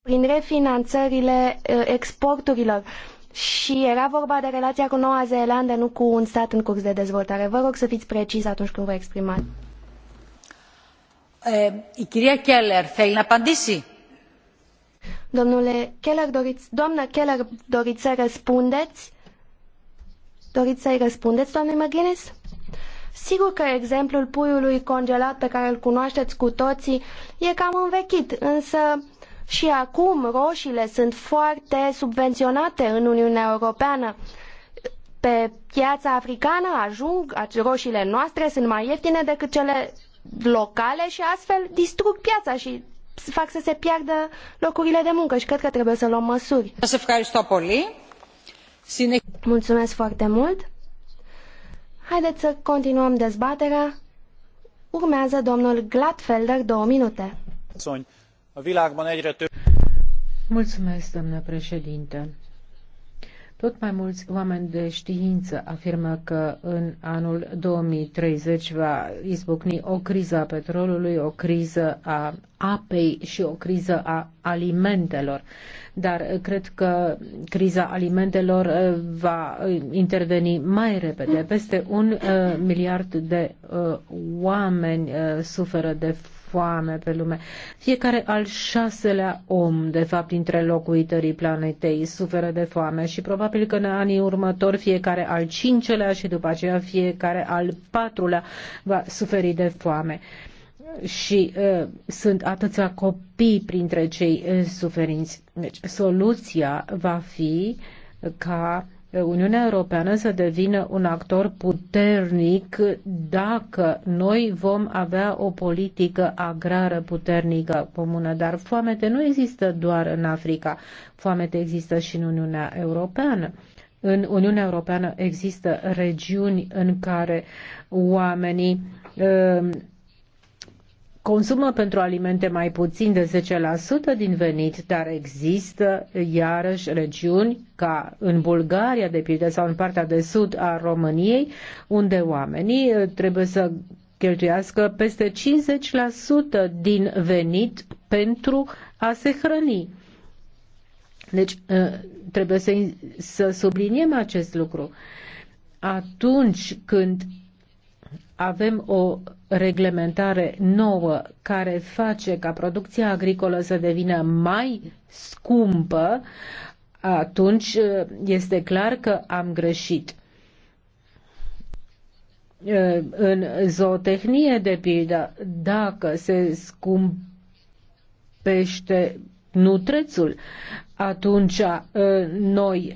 prin refinanțările uh, exporturilor și era vorba de relația cu Noua Zeelandă, nu cu un stat în curs de dezvoltare. Vă rog să fiți precis atunci când vă exprimați doamnă Keller, doriți, Keller, doriți să răspundeți? Doriți să-i răspundeți, doamne McGuinness? Sigur că exemplul puiului congelat pe care îl cunoașteți cu toții e cam învechit, însă și acum roșiile sunt foarte subvenționate în Uniunea Europeană. Pe piața africană ajung, roșiile noastre sunt mai ieftine decât cele locale și astfel distrug piața și fac să se piardă locurile de muncă și cred că trebuie să luăm măsuri. Mulțumesc foarte mult! Haideți să continuăm dezbaterea. Urmează domnul Gladfelder două minute. Mulțumesc, domnule președinte. Tot mai mulți oameni de știință afirmă că în anul 2030 va izbucni o criză a petrolului, o criză a apei și o criză a alimentelor. Dar cred că criza alimentelor uh, va uh, interveni mai repede. Peste un uh, miliard de uh, oameni uh, suferă de foame pe lume. Fiecare al șaselea om, de fapt, dintre locuitorii planetei suferă de foame și probabil că în anii următori fiecare al cincelea și după aceea fiecare al patrulea va suferi de foame și uh, sunt atâția copii printre cei uh, suferinți. Deci, soluția va fi ca Uniunea Europeană să devină un actor puternic dacă noi vom avea o politică agrară puternică comună. Dar foamete nu există doar în Africa, foamete există și în Uniunea Europeană. În Uniunea Europeană există regiuni în care oamenii ă, consumă pentru alimente mai puțin de 10% din venit, dar există iarăși regiuni ca în Bulgaria, de pildă, sau în partea de sud a României, unde oamenii uh, trebuie să cheltuiască peste 50% din venit pentru a se hrăni. Deci uh, trebuie să, să subliniem acest lucru. Atunci când avem o reglementare nouă care face ca producția agricolă să devină mai scumpă, atunci uh, este clar că am greșit. Uh, în zootehnie, de pildă, dacă se scumpește nutrețul, atunci uh, noi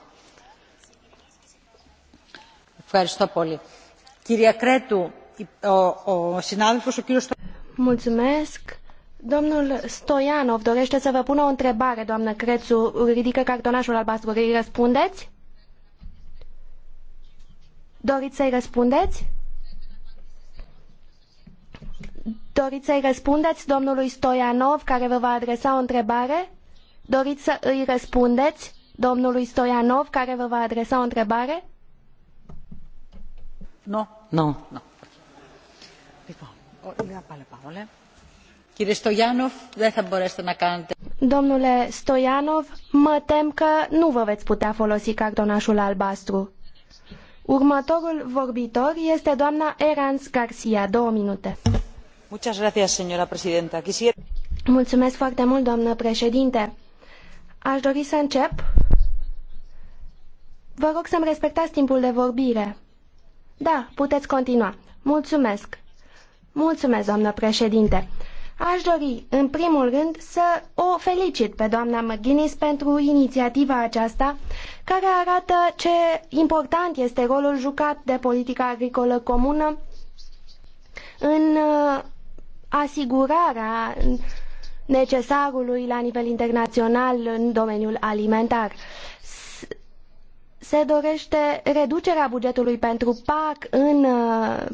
Mulțumesc. Domnul Stoianov dorește să vă pună o întrebare, doamnă Crețu. Ridică cartonașul albastru. Îi răspundeți? Doriți să-i răspundeți? Doriți să-i răspundeți domnului Stoianov, care vă va adresa o întrebare? Doriți să îi răspundeți domnului Stoianov, care vă va adresa o întrebare? Păi, Domnule Stoianov, mă tem că nu vă veți putea folosi cartonașul albastru. Următorul vorbitor este doamna herranz garca Două minute. Muchas foarte mult, doamnă președinte. Aș dori să încep. Vă rog să-mi respectați timpul de vorbire. Da, puteți continua. Mulțumesc. Mulțumesc, doamnă președinte. Aș dori, în primul rând, să o felicit pe doamna McGuinness pentru inițiativa aceasta, care arată ce important este rolul jucat de politica agricolă comună în uh, asigurarea necesarului la nivel internațional în domeniul alimentar se dorește reducerea bugetului pentru PAC în uh,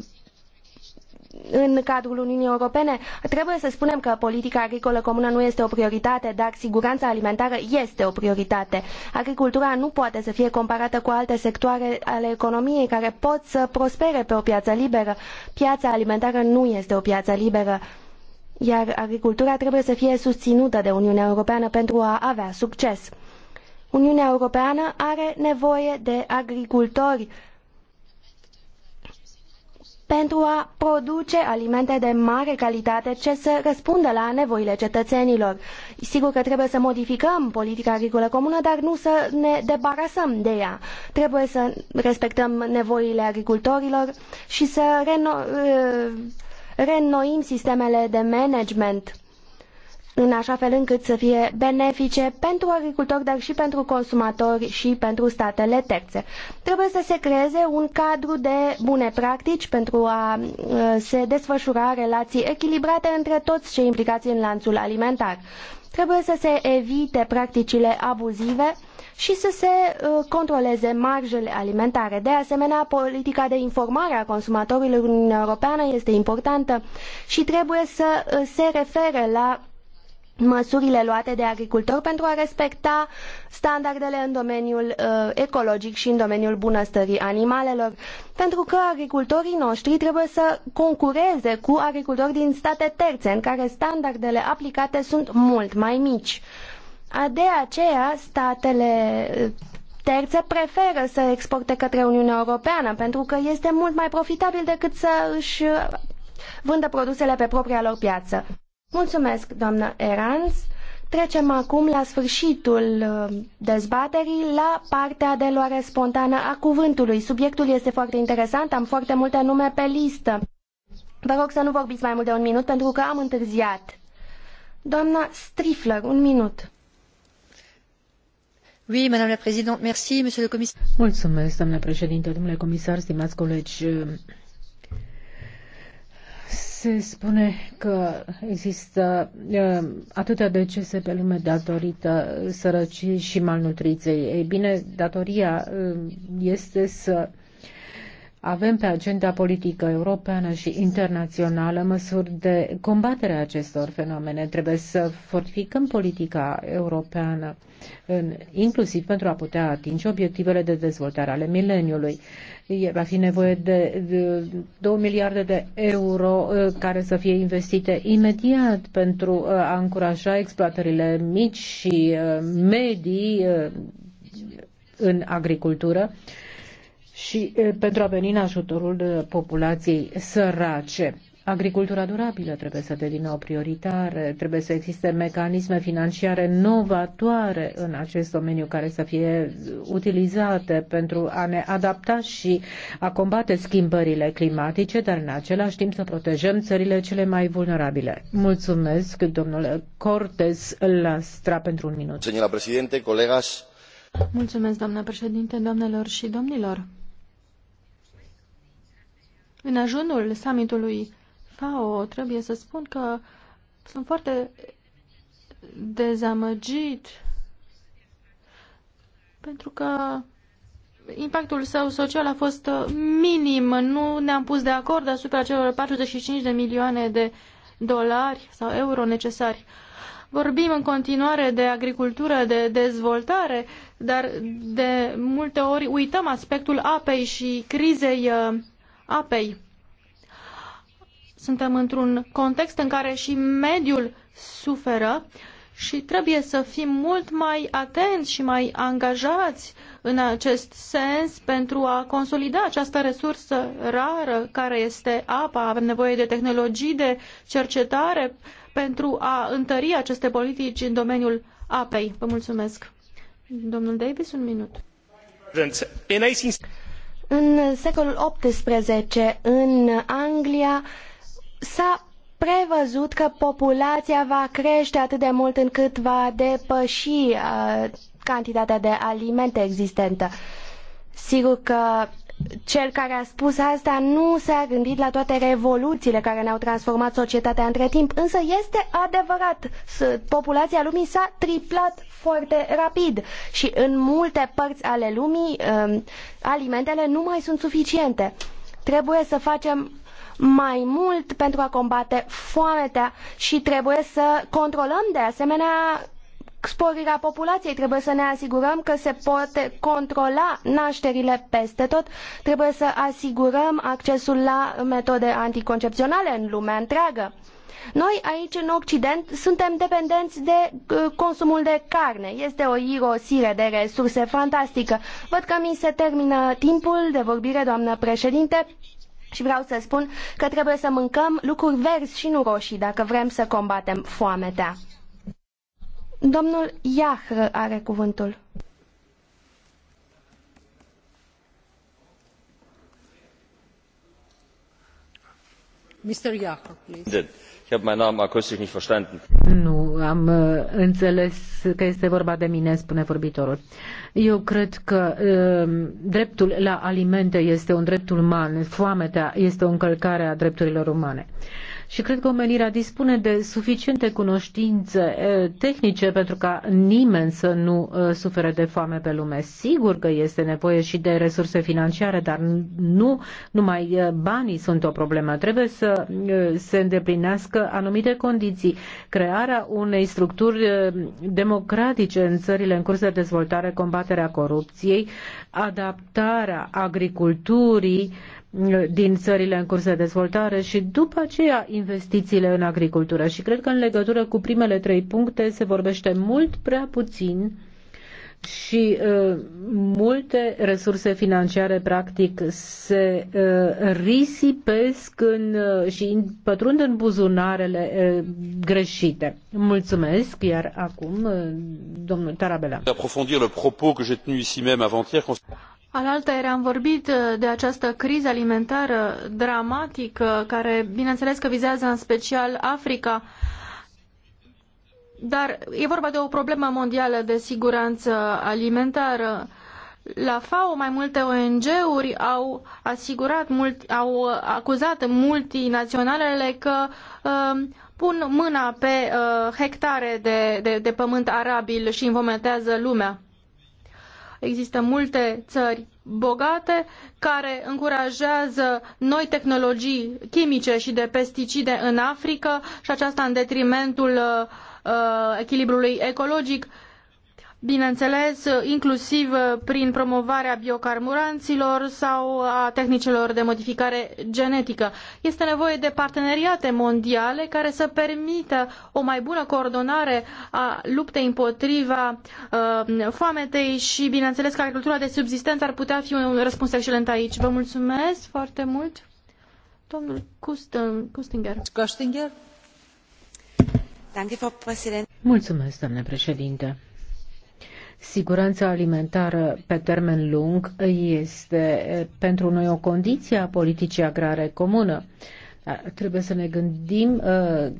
în cadrul Uniunii Europene. Trebuie să spunem că politica agricolă comună nu este o prioritate, dar siguranța alimentară este o prioritate. Agricultura nu poate să fie comparată cu alte sectoare ale economiei care pot să prospere pe o piață liberă. Piața alimentară nu este o piață liberă, iar agricultura trebuie să fie susținută de Uniunea Europeană pentru a avea succes. Uniunea Europeană are nevoie de agricultori pentru a produce alimente de mare calitate ce să răspundă la nevoile cetățenilor. Sigur că trebuie să modificăm politica agricolă comună, dar nu să ne debarasăm de ea. Trebuie să respectăm nevoile agricultorilor și să reno- eh, reînnoim sistemele de management în așa fel încât să fie benefice pentru agricultori, dar și pentru consumatori și pentru statele terțe. Trebuie să se creeze un cadru de bune practici pentru a uh, se desfășura relații echilibrate între toți cei implicați în lanțul alimentar. Trebuie să se evite practicile abuzive și să se uh, controleze marjele alimentare. De asemenea, politica de informare a consumatorilor în Uniunea Europeană este importantă și trebuie să uh, se refere la măsurile luate de agricultori pentru a respecta standardele în domeniul uh, ecologic și în domeniul bunăstării animalelor, pentru că agricultorii noștri trebuie să concureze cu agricultori din state terțe, în care standardele aplicate sunt mult mai mici. De aceea, statele uh, terțe preferă să exporte către Uniunea Europeană, pentru că este mult mai profitabil decât să își vândă produsele pe propria lor piață. Mulțumesc, doamnă Erans. Trecem acum la sfârșitul uh, dezbaterii, la partea de luare spontană a cuvântului. Subiectul este foarte interesant, am foarte multe nume pe listă. Vă rog să nu vorbiți mai mult de un minut pentru că am întârziat. Doamna Strifler, un minut. Oui, madame la présidente, merci, monsieur le commissaire. Mulțumesc, doamna președinte, domnule comisar, stimați colegi. Se spune că există uh, atâtea decese pe lume datorită sărăciei și malnutriției. Ei bine, datoria uh, este să avem pe agenda politică europeană și internațională măsuri de combatere a acestor fenomene. Trebuie să fortificăm politica europeană, în, inclusiv pentru a putea atinge obiectivele de dezvoltare ale mileniului. Va fi nevoie de, de 2 miliarde de euro uh, care să fie investite imediat pentru uh, a încuraja exploatările mici și uh, medii în agricultură și pentru a veni în ajutorul populației sărace. Agricultura durabilă trebuie să devină o prioritară. trebuie să existe mecanisme financiare novatoare în acest domeniu care să fie utilizate pentru a ne adapta și a combate schimbările climatice, dar în același timp să protejăm țările cele mai vulnerabile. Mulțumesc, domnule Cortes Lastra, pentru un minut. Mulțumesc, doamnă președinte, doamnelor și domnilor. În ajunul summitului FAO trebuie să spun că sunt foarte dezamăgit pentru că impactul său social a fost minim. Nu ne-am pus de acord asupra celor 45 de milioane de dolari sau euro necesari. Vorbim în continuare de agricultură, de dezvoltare, dar de multe ori uităm aspectul apei și crizei uh, apei. Suntem într-un context în care și mediul suferă și trebuie să fim mult mai atenți și mai angajați în acest sens pentru a consolida această resursă rară care este apa. Avem nevoie de tehnologii, de cercetare pentru a întări aceste politici în domeniul apei. Vă mulțumesc. Domnul Davis, un minut. În secolul XVIII, în Anglia, s-a prevăzut că populația va crește atât de mult încât va depăși uh, cantitatea de alimente existentă. Sigur că cel care a spus asta nu s-a gândit la toate revoluțiile care ne-au transformat societatea între timp, însă este adevărat. Populația lumii s-a triplat foarte rapid și în multe părți ale lumii um, alimentele nu mai sunt suficiente. Trebuie să facem mai mult pentru a combate foametea și trebuie să controlăm de asemenea sporirea populației. Trebuie să ne asigurăm că se poate controla nașterile peste tot. Trebuie să asigurăm accesul la metode anticoncepționale în lumea întreagă. Noi aici în Occident suntem dependenți de uh, consumul de carne. Este o irosire de resurse fantastică. Văd că mi se termină timpul de vorbire, doamnă președinte. Și vreau să spun că trebuie să mâncăm lucruri verzi și nu roșii dacă vrem să combatem foametea. Domnul Iahră are cuvântul. Mr. Iahr, please. Ich habe meinen Namen akustisch nicht verstanden. Nu, am uh, înțeles că este vorba de mine, spune vorbitorul. Eu cred că uh, dreptul la alimente este un drept uman, foamea este o încălcare a drepturilor umane. Uh, și cred că omenirea dispune de suficiente cunoștințe eh, tehnice pentru ca nimeni să nu eh, sufere de foame pe lume. Sigur că este nevoie și de resurse financiare, dar nu numai eh, banii sunt o problemă. Trebuie să se îndeplinească anumite condiții. Crearea unei structuri democratice în țările în curs de dezvoltare, combaterea corupției, adaptarea agriculturii, din țările în curs de dezvoltare și după aceea investițiile în agricultură. Și cred că în legătură cu primele trei puncte se vorbește mult prea puțin și uh, multe resurse financiare practic se uh, risipesc în, uh, și in, pătrund în buzunarele uh, greșite. Mulțumesc, iar acum uh, domnul Tarabela ieri am vorbit uh, de această criză alimentară dramatică, care bineînțeles că vizează în special Africa, dar e vorba de o problemă mondială de siguranță alimentară. La FAO mai multe ONG-uri au asigurat, mult, au uh, acuzat multinaționalele că uh, pun mâna pe uh, hectare de, de, de pământ arabil și învometează lumea. Există multe țări bogate care încurajează noi tehnologii chimice și de pesticide în Africa și aceasta în detrimentul uh, uh, echilibrului ecologic bineînțeles, inclusiv uh, prin promovarea biocarburanților sau a tehnicilor de modificare genetică. Este nevoie de parteneriate mondiale care să permită o mai bună coordonare a luptei împotriva uh, foametei și, bineînțeles, că agricultura de subsistență ar putea fi un răspuns excelent aici. Vă mulțumesc foarte mult. Domnul Kustinger. Kustinger. Mulțumesc, doamne președinte. Siguranța alimentară pe termen lung este eh, pentru noi o condiție a politicii agrare comună. Trebuie să ne gândim eh,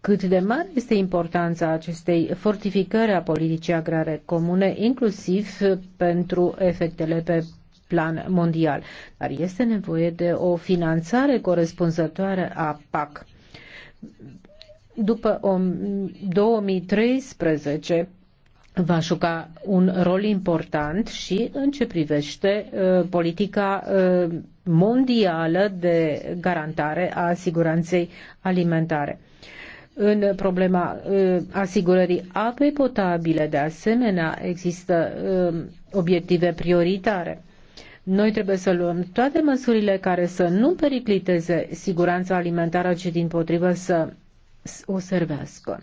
cât de mare este importanța acestei fortificări a politicii agrare comune, inclusiv pentru efectele pe plan mondial. Dar este nevoie de o finanțare corespunzătoare a PAC. După 2013, va juca un rol important și în ce privește uh, politica uh, mondială de garantare a siguranței alimentare. În problema uh, asigurării apei potabile, de asemenea, există obiective prioritare. Noi trebuie să luăm toate măsurile care să nu pericliteze siguranța alimentară, ci din potrivă să o servească.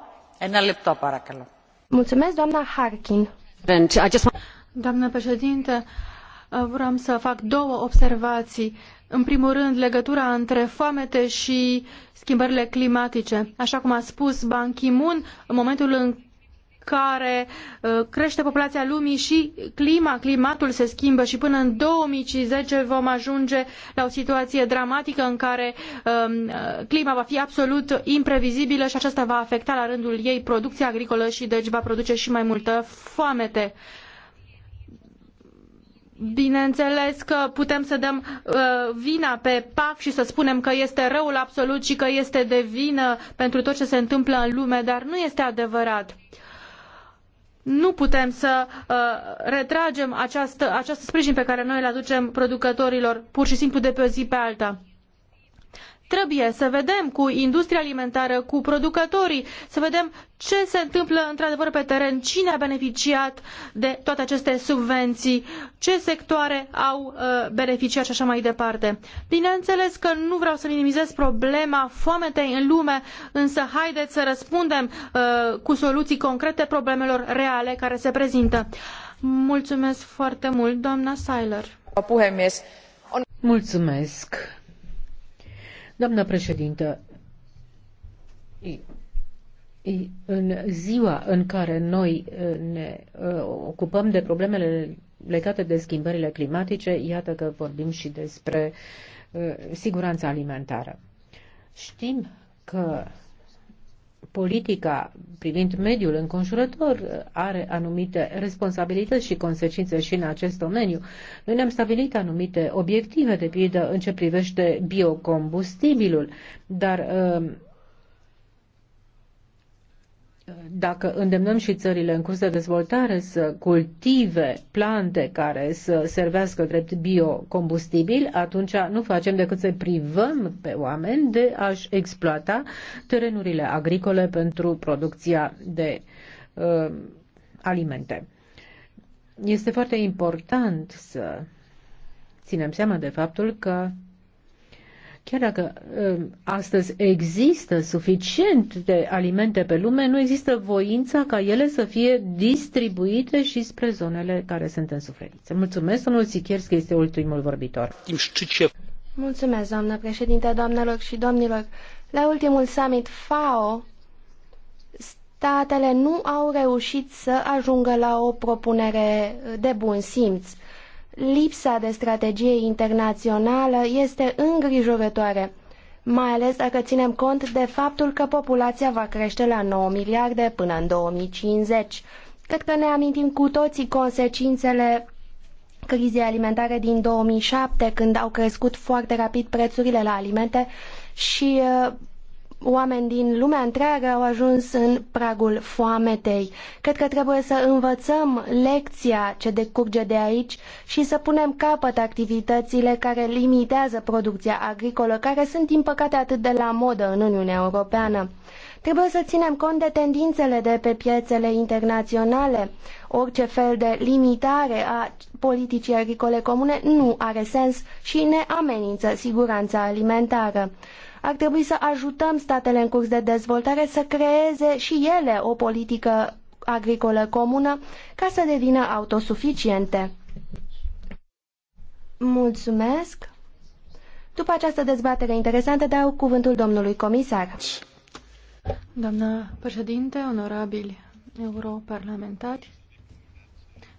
Harkin. Doamnă președinte, vreau să fac două observații. În primul rând, legătura între foamete și schimbările climatice. Așa cum a spus Ban Ki-moon, în momentul în care uh, crește populația lumii și clima, climatul se schimbă și până în 2050 vom ajunge la o situație dramatică în care um, uh, clima va fi absolut imprevizibilă și aceasta va afecta la rândul ei producția agricolă și deci va produce și mai multă foamete. Bineînțeles că putem să dăm uh, vina pe PAC și să spunem că este răul absolut și că este de vină pentru tot ce se întâmplă în lume, dar nu este adevărat. Uh, nu putem să uh, retragem această, acest sprijin pe care noi îl aducem producătorilor pur și simplu de pe o zi pe alta. Trebuie să vedem cu industria alimentară, cu producătorii, să vedem ce se întâmplă într-adevăr pe teren, cine a beneficiat de toate aceste subvenții, ce sectoare au uh, beneficiat și așa mai departe. Bineînțeles că nu vreau să minimizez problema foametei în lume, însă haideți să răspundem uh, cu soluții concrete problemelor reale care se prezintă. Mulțumesc foarte mult, doamna Seiler. Mulțumesc. Doamna președintă, în ziua în care noi ne ocupăm de problemele legate de schimbările climatice, iată că vorbim și despre siguranța alimentară. Știm că politica privind mediul înconjurător are anumite responsabilități și consecințe și în acest domeniu. Noi ne-am stabilit anumite obiective, de pildă, în ce privește biocombustibilul, dar uh, dacă îndemnăm și țările în curs de dezvoltare să cultive plante care să servească drept biocombustibil, atunci nu facem decât să privăm pe oameni de a-și exploata terenurile agricole pentru producția de uh, alimente. Este foarte important să ținem seama de faptul că Chiar dacă um, astăzi există suficient de alimente pe lume, nu există voința ca ele să fie distribuite și spre zonele care sunt în suferință. Mulțumesc, domnul că este ultimul vorbitor. Mulțumesc, doamnă președinte, doamnelor și domnilor. La ultimul summit FAO, statele nu au reușit să ajungă la o propunere de bun simț. Lipsa de strategie internațională este îngrijorătoare, mai ales dacă ținem cont de faptul că populația va crește la 9 miliarde până în 2050. Cred că ne amintim cu toții consecințele crizei alimentare din 2007, când au crescut foarte rapid prețurile la alimente și uh, oameni din lumea întreagă au ajuns în pragul foametei. Cred că trebuie să învățăm lecția ce decurge de aici și să punem capăt activitățile care limitează producția agricolă, care sunt, din păcate, atât de la modă în Uniunea Europeană. Trebuie să ținem cont de tendințele de pe piețele internaționale. Orice fel de limitare a politicii agricole comune nu are sens și ne amenință siguranța alimentară. Ar trebui să ajutăm statele în curs de dezvoltare să creeze și ele o politică agricolă comună ca să devină autosuficiente. Mulțumesc! După această dezbatere interesantă, dau cuvântul domnului comisar. Doamna președinte, onorabili europarlamentari,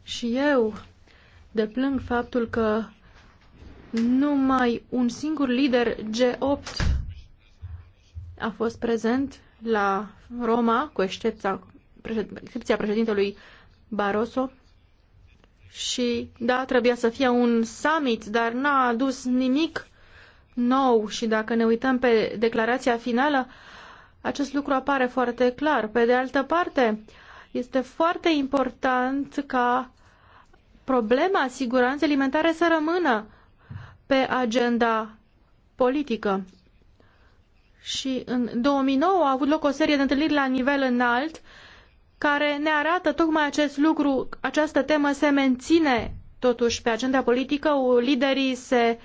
și eu deplâng faptul că numai un singur lider G8 a fost prezent la Roma, cu excepția, excepția președintelui Barroso. Și da, trebuia să fie un summit, dar n-a adus nimic nou și dacă ne uităm pe declarația finală, acest lucru apare foarte clar. Pe de altă parte, este foarte important ca problema siguranței alimentare să rămână pe agenda politică și în 2009 a avut loc o serie de întâlniri la nivel înalt care ne arată tocmai acest lucru, această temă se menține totuși pe agenda politică, liderii se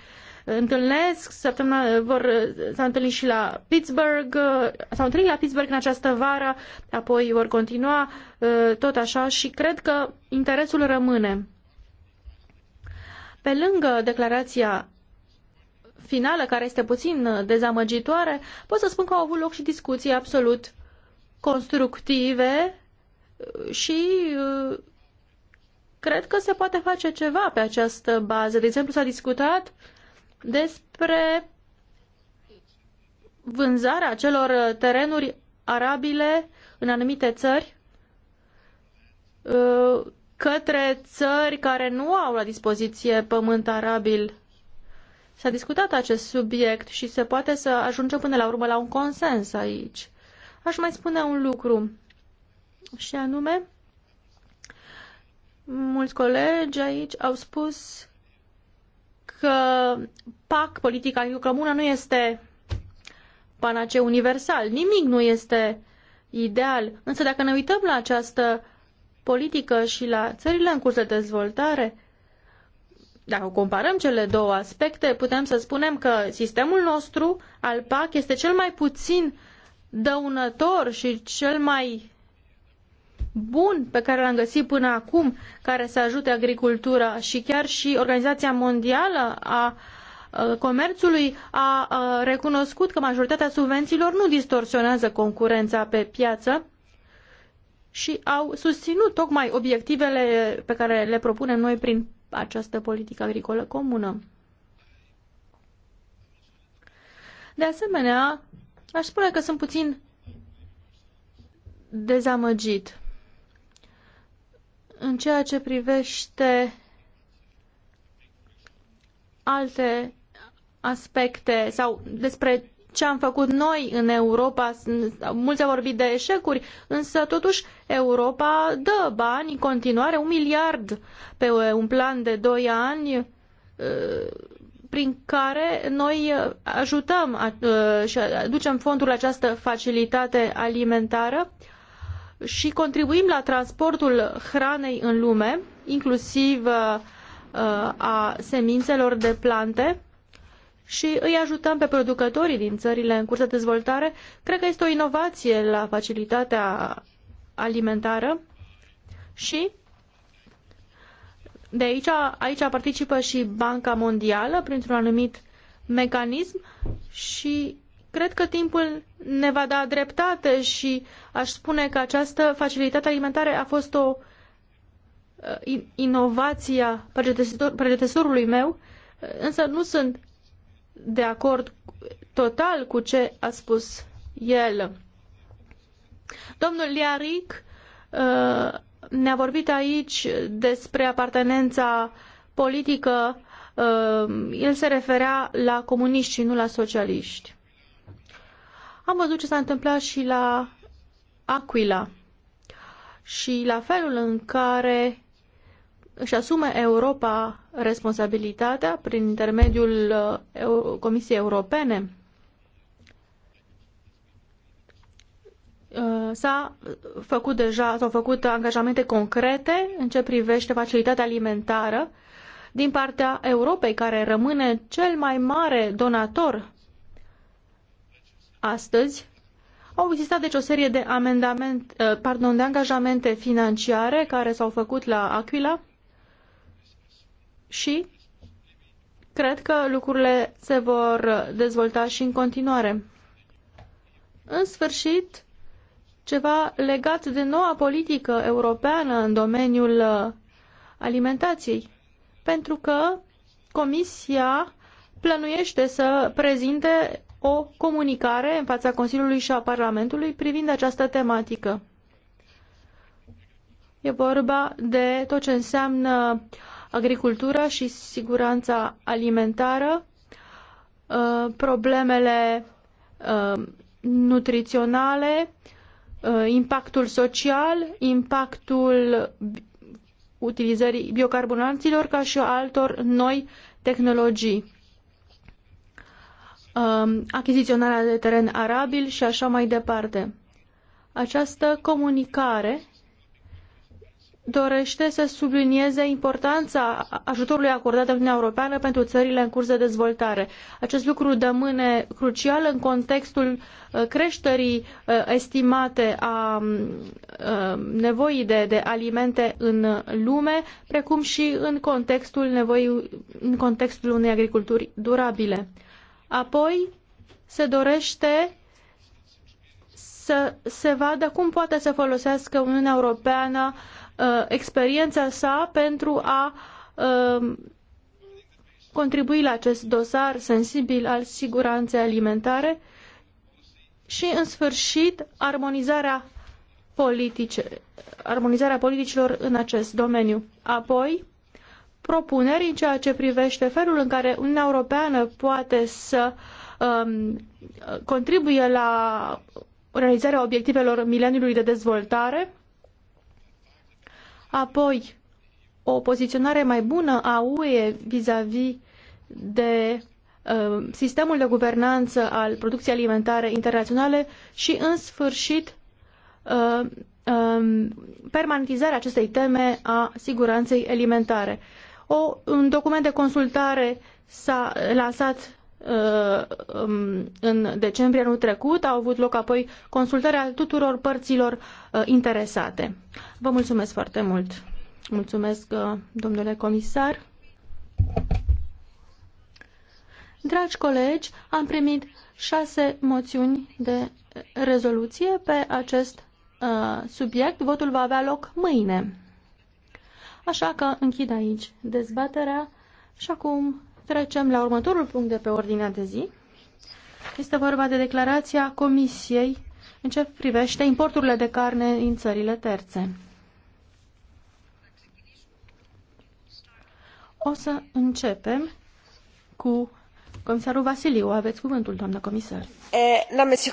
întâlnesc, săptămâna vor, s-au întâlnit și la Pittsburgh, s-au întâlnit la Pittsburgh în această vară, apoi vor continua ă, tot așa și cred că interesul rămâne. Pe lângă declarația finală, care este puțin uh, dezamăgitoare, pot să spun că au avut loc și discuții absolut constructive uh, și uh, cred că se poate face ceva pe această bază. De exemplu, s-a discutat despre vânzarea acelor terenuri arabile în anumite țări către țări care nu au la dispoziție pământ arabil S-a discutat acest subiect și se poate să ajungem până la urmă la un consens aici. Aș mai spune un lucru și anume, mulți colegi aici au spus că PAC, politica comună, nu este panace universal, nimic nu este ideal. Însă dacă ne uităm la această politică și la țările în curs de dezvoltare, dacă comparăm cele două aspecte, putem să spunem că sistemul nostru al PAC este cel mai puțin dăunător și cel mai bun pe care l-am găsit până acum, care să ajute agricultura și chiar și Organizația Mondială a uh, Comerțului a uh, recunoscut că majoritatea subvențiilor nu distorsionează concurența pe piață și au susținut tocmai obiectivele pe care le propunem noi prin această politică agricolă comună. De asemenea, aș spune că sunt puțin dezamăgit în ceea ce privește alte aspecte sau despre ce am făcut noi în Europa. Mulți au vorbit de eșecuri, însă totuși Europa dă bani în continuare, un miliard pe un plan de doi ani uh, prin care noi ajutăm uh, și aducem fondul această facilitate alimentară și contribuim la transportul hranei în lume, inclusiv uh, a semințelor de plante și îi ajutăm pe producătorii din țările în curs de dezvoltare. Cred că este o inovație la facilitatea alimentară și de aici, aici participă și Banca Mondială printr-un anumit mecanism și cred că timpul ne va da dreptate și aș spune că această facilitate alimentară a fost o uh, inovație a predecesorului meu, însă nu sunt de acord total cu ce a spus el. Domnul Liaric uh, ne-a vorbit aici despre apartenența politică. Uh, el se referea la comuniști și nu la socialiști. Am văzut ce s-a întâmplat și la Aquila și la felul în care își asume Europa responsabilitatea prin intermediul uh, Comisiei Europene uh, s-a făcut deja, s-au făcut angajamente concrete în ce privește facilitatea alimentară din partea Europei, care rămâne cel mai mare donator astăzi. Au existat deci o serie de, amendament, uh, pardon, de angajamente financiare care s-au făcut la Aquila și cred că lucrurile se vor dezvolta și în continuare. În sfârșit, ceva legat de noua politică europeană în domeniul uh, alimentației, pentru că Comisia plănuiește să prezinte o comunicare în fața Consiliului și a Parlamentului privind această tematică. E vorba de tot ce înseamnă uh, agricultura și siguranța alimentară, uh, problemele uh, nutriționale, uh, impactul social, impactul utilizării biocarburanților ca și altor noi tehnologii achiziționarea de teren arabil și așa mai departe. Această comunicare dorește să sublinieze importanța ajutorului acordat de Uniunea Europeană pentru țările în curs de dezvoltare. Acest lucru rămâne crucial în contextul uh, creșterii uh, estimate a uh, nevoii de, de alimente în lume, precum și în contextul, nevoii, în contextul unei agriculturi durabile. Apoi, se dorește să se vadă cum poate să folosească Uniunea Europeană uh, experiența sa pentru a uh, contribui la acest dosar sensibil al siguranței alimentare și, în sfârșit, armonizarea, politice, armonizarea politicilor în acest domeniu. Apoi, propuneri în ceea ce privește felul în care Uniunea Europeană poate să um, contribuie la realizarea obiectivelor mileniului de dezvoltare Apoi, o poziționare mai bună a UE vis-a-vis de uh, sistemul de guvernanță al producției alimentare internaționale și, în sfârșit, uh, um, permanentizarea acestei teme a siguranței alimentare. O, un document de consultare s-a lansat Uh, um, în decembrie anul trecut. Au avut loc apoi consultări al tuturor părților uh, interesate. Vă mulțumesc foarte mult. Mulțumesc, uh, domnule comisar. Dragi colegi, am primit șase moțiuni de rezoluție pe acest uh, subiect. Votul va avea loc mâine. Așa că închid aici dezbaterea și acum Trecem la următorul punct de pe ordinea de zi. Este vorba de declarația Comisiei în ce privește importurile de carne în țările terțe. O să începem cu comisarul Vasiliu. Aveți cuvântul, doamnă comisar. E, eh,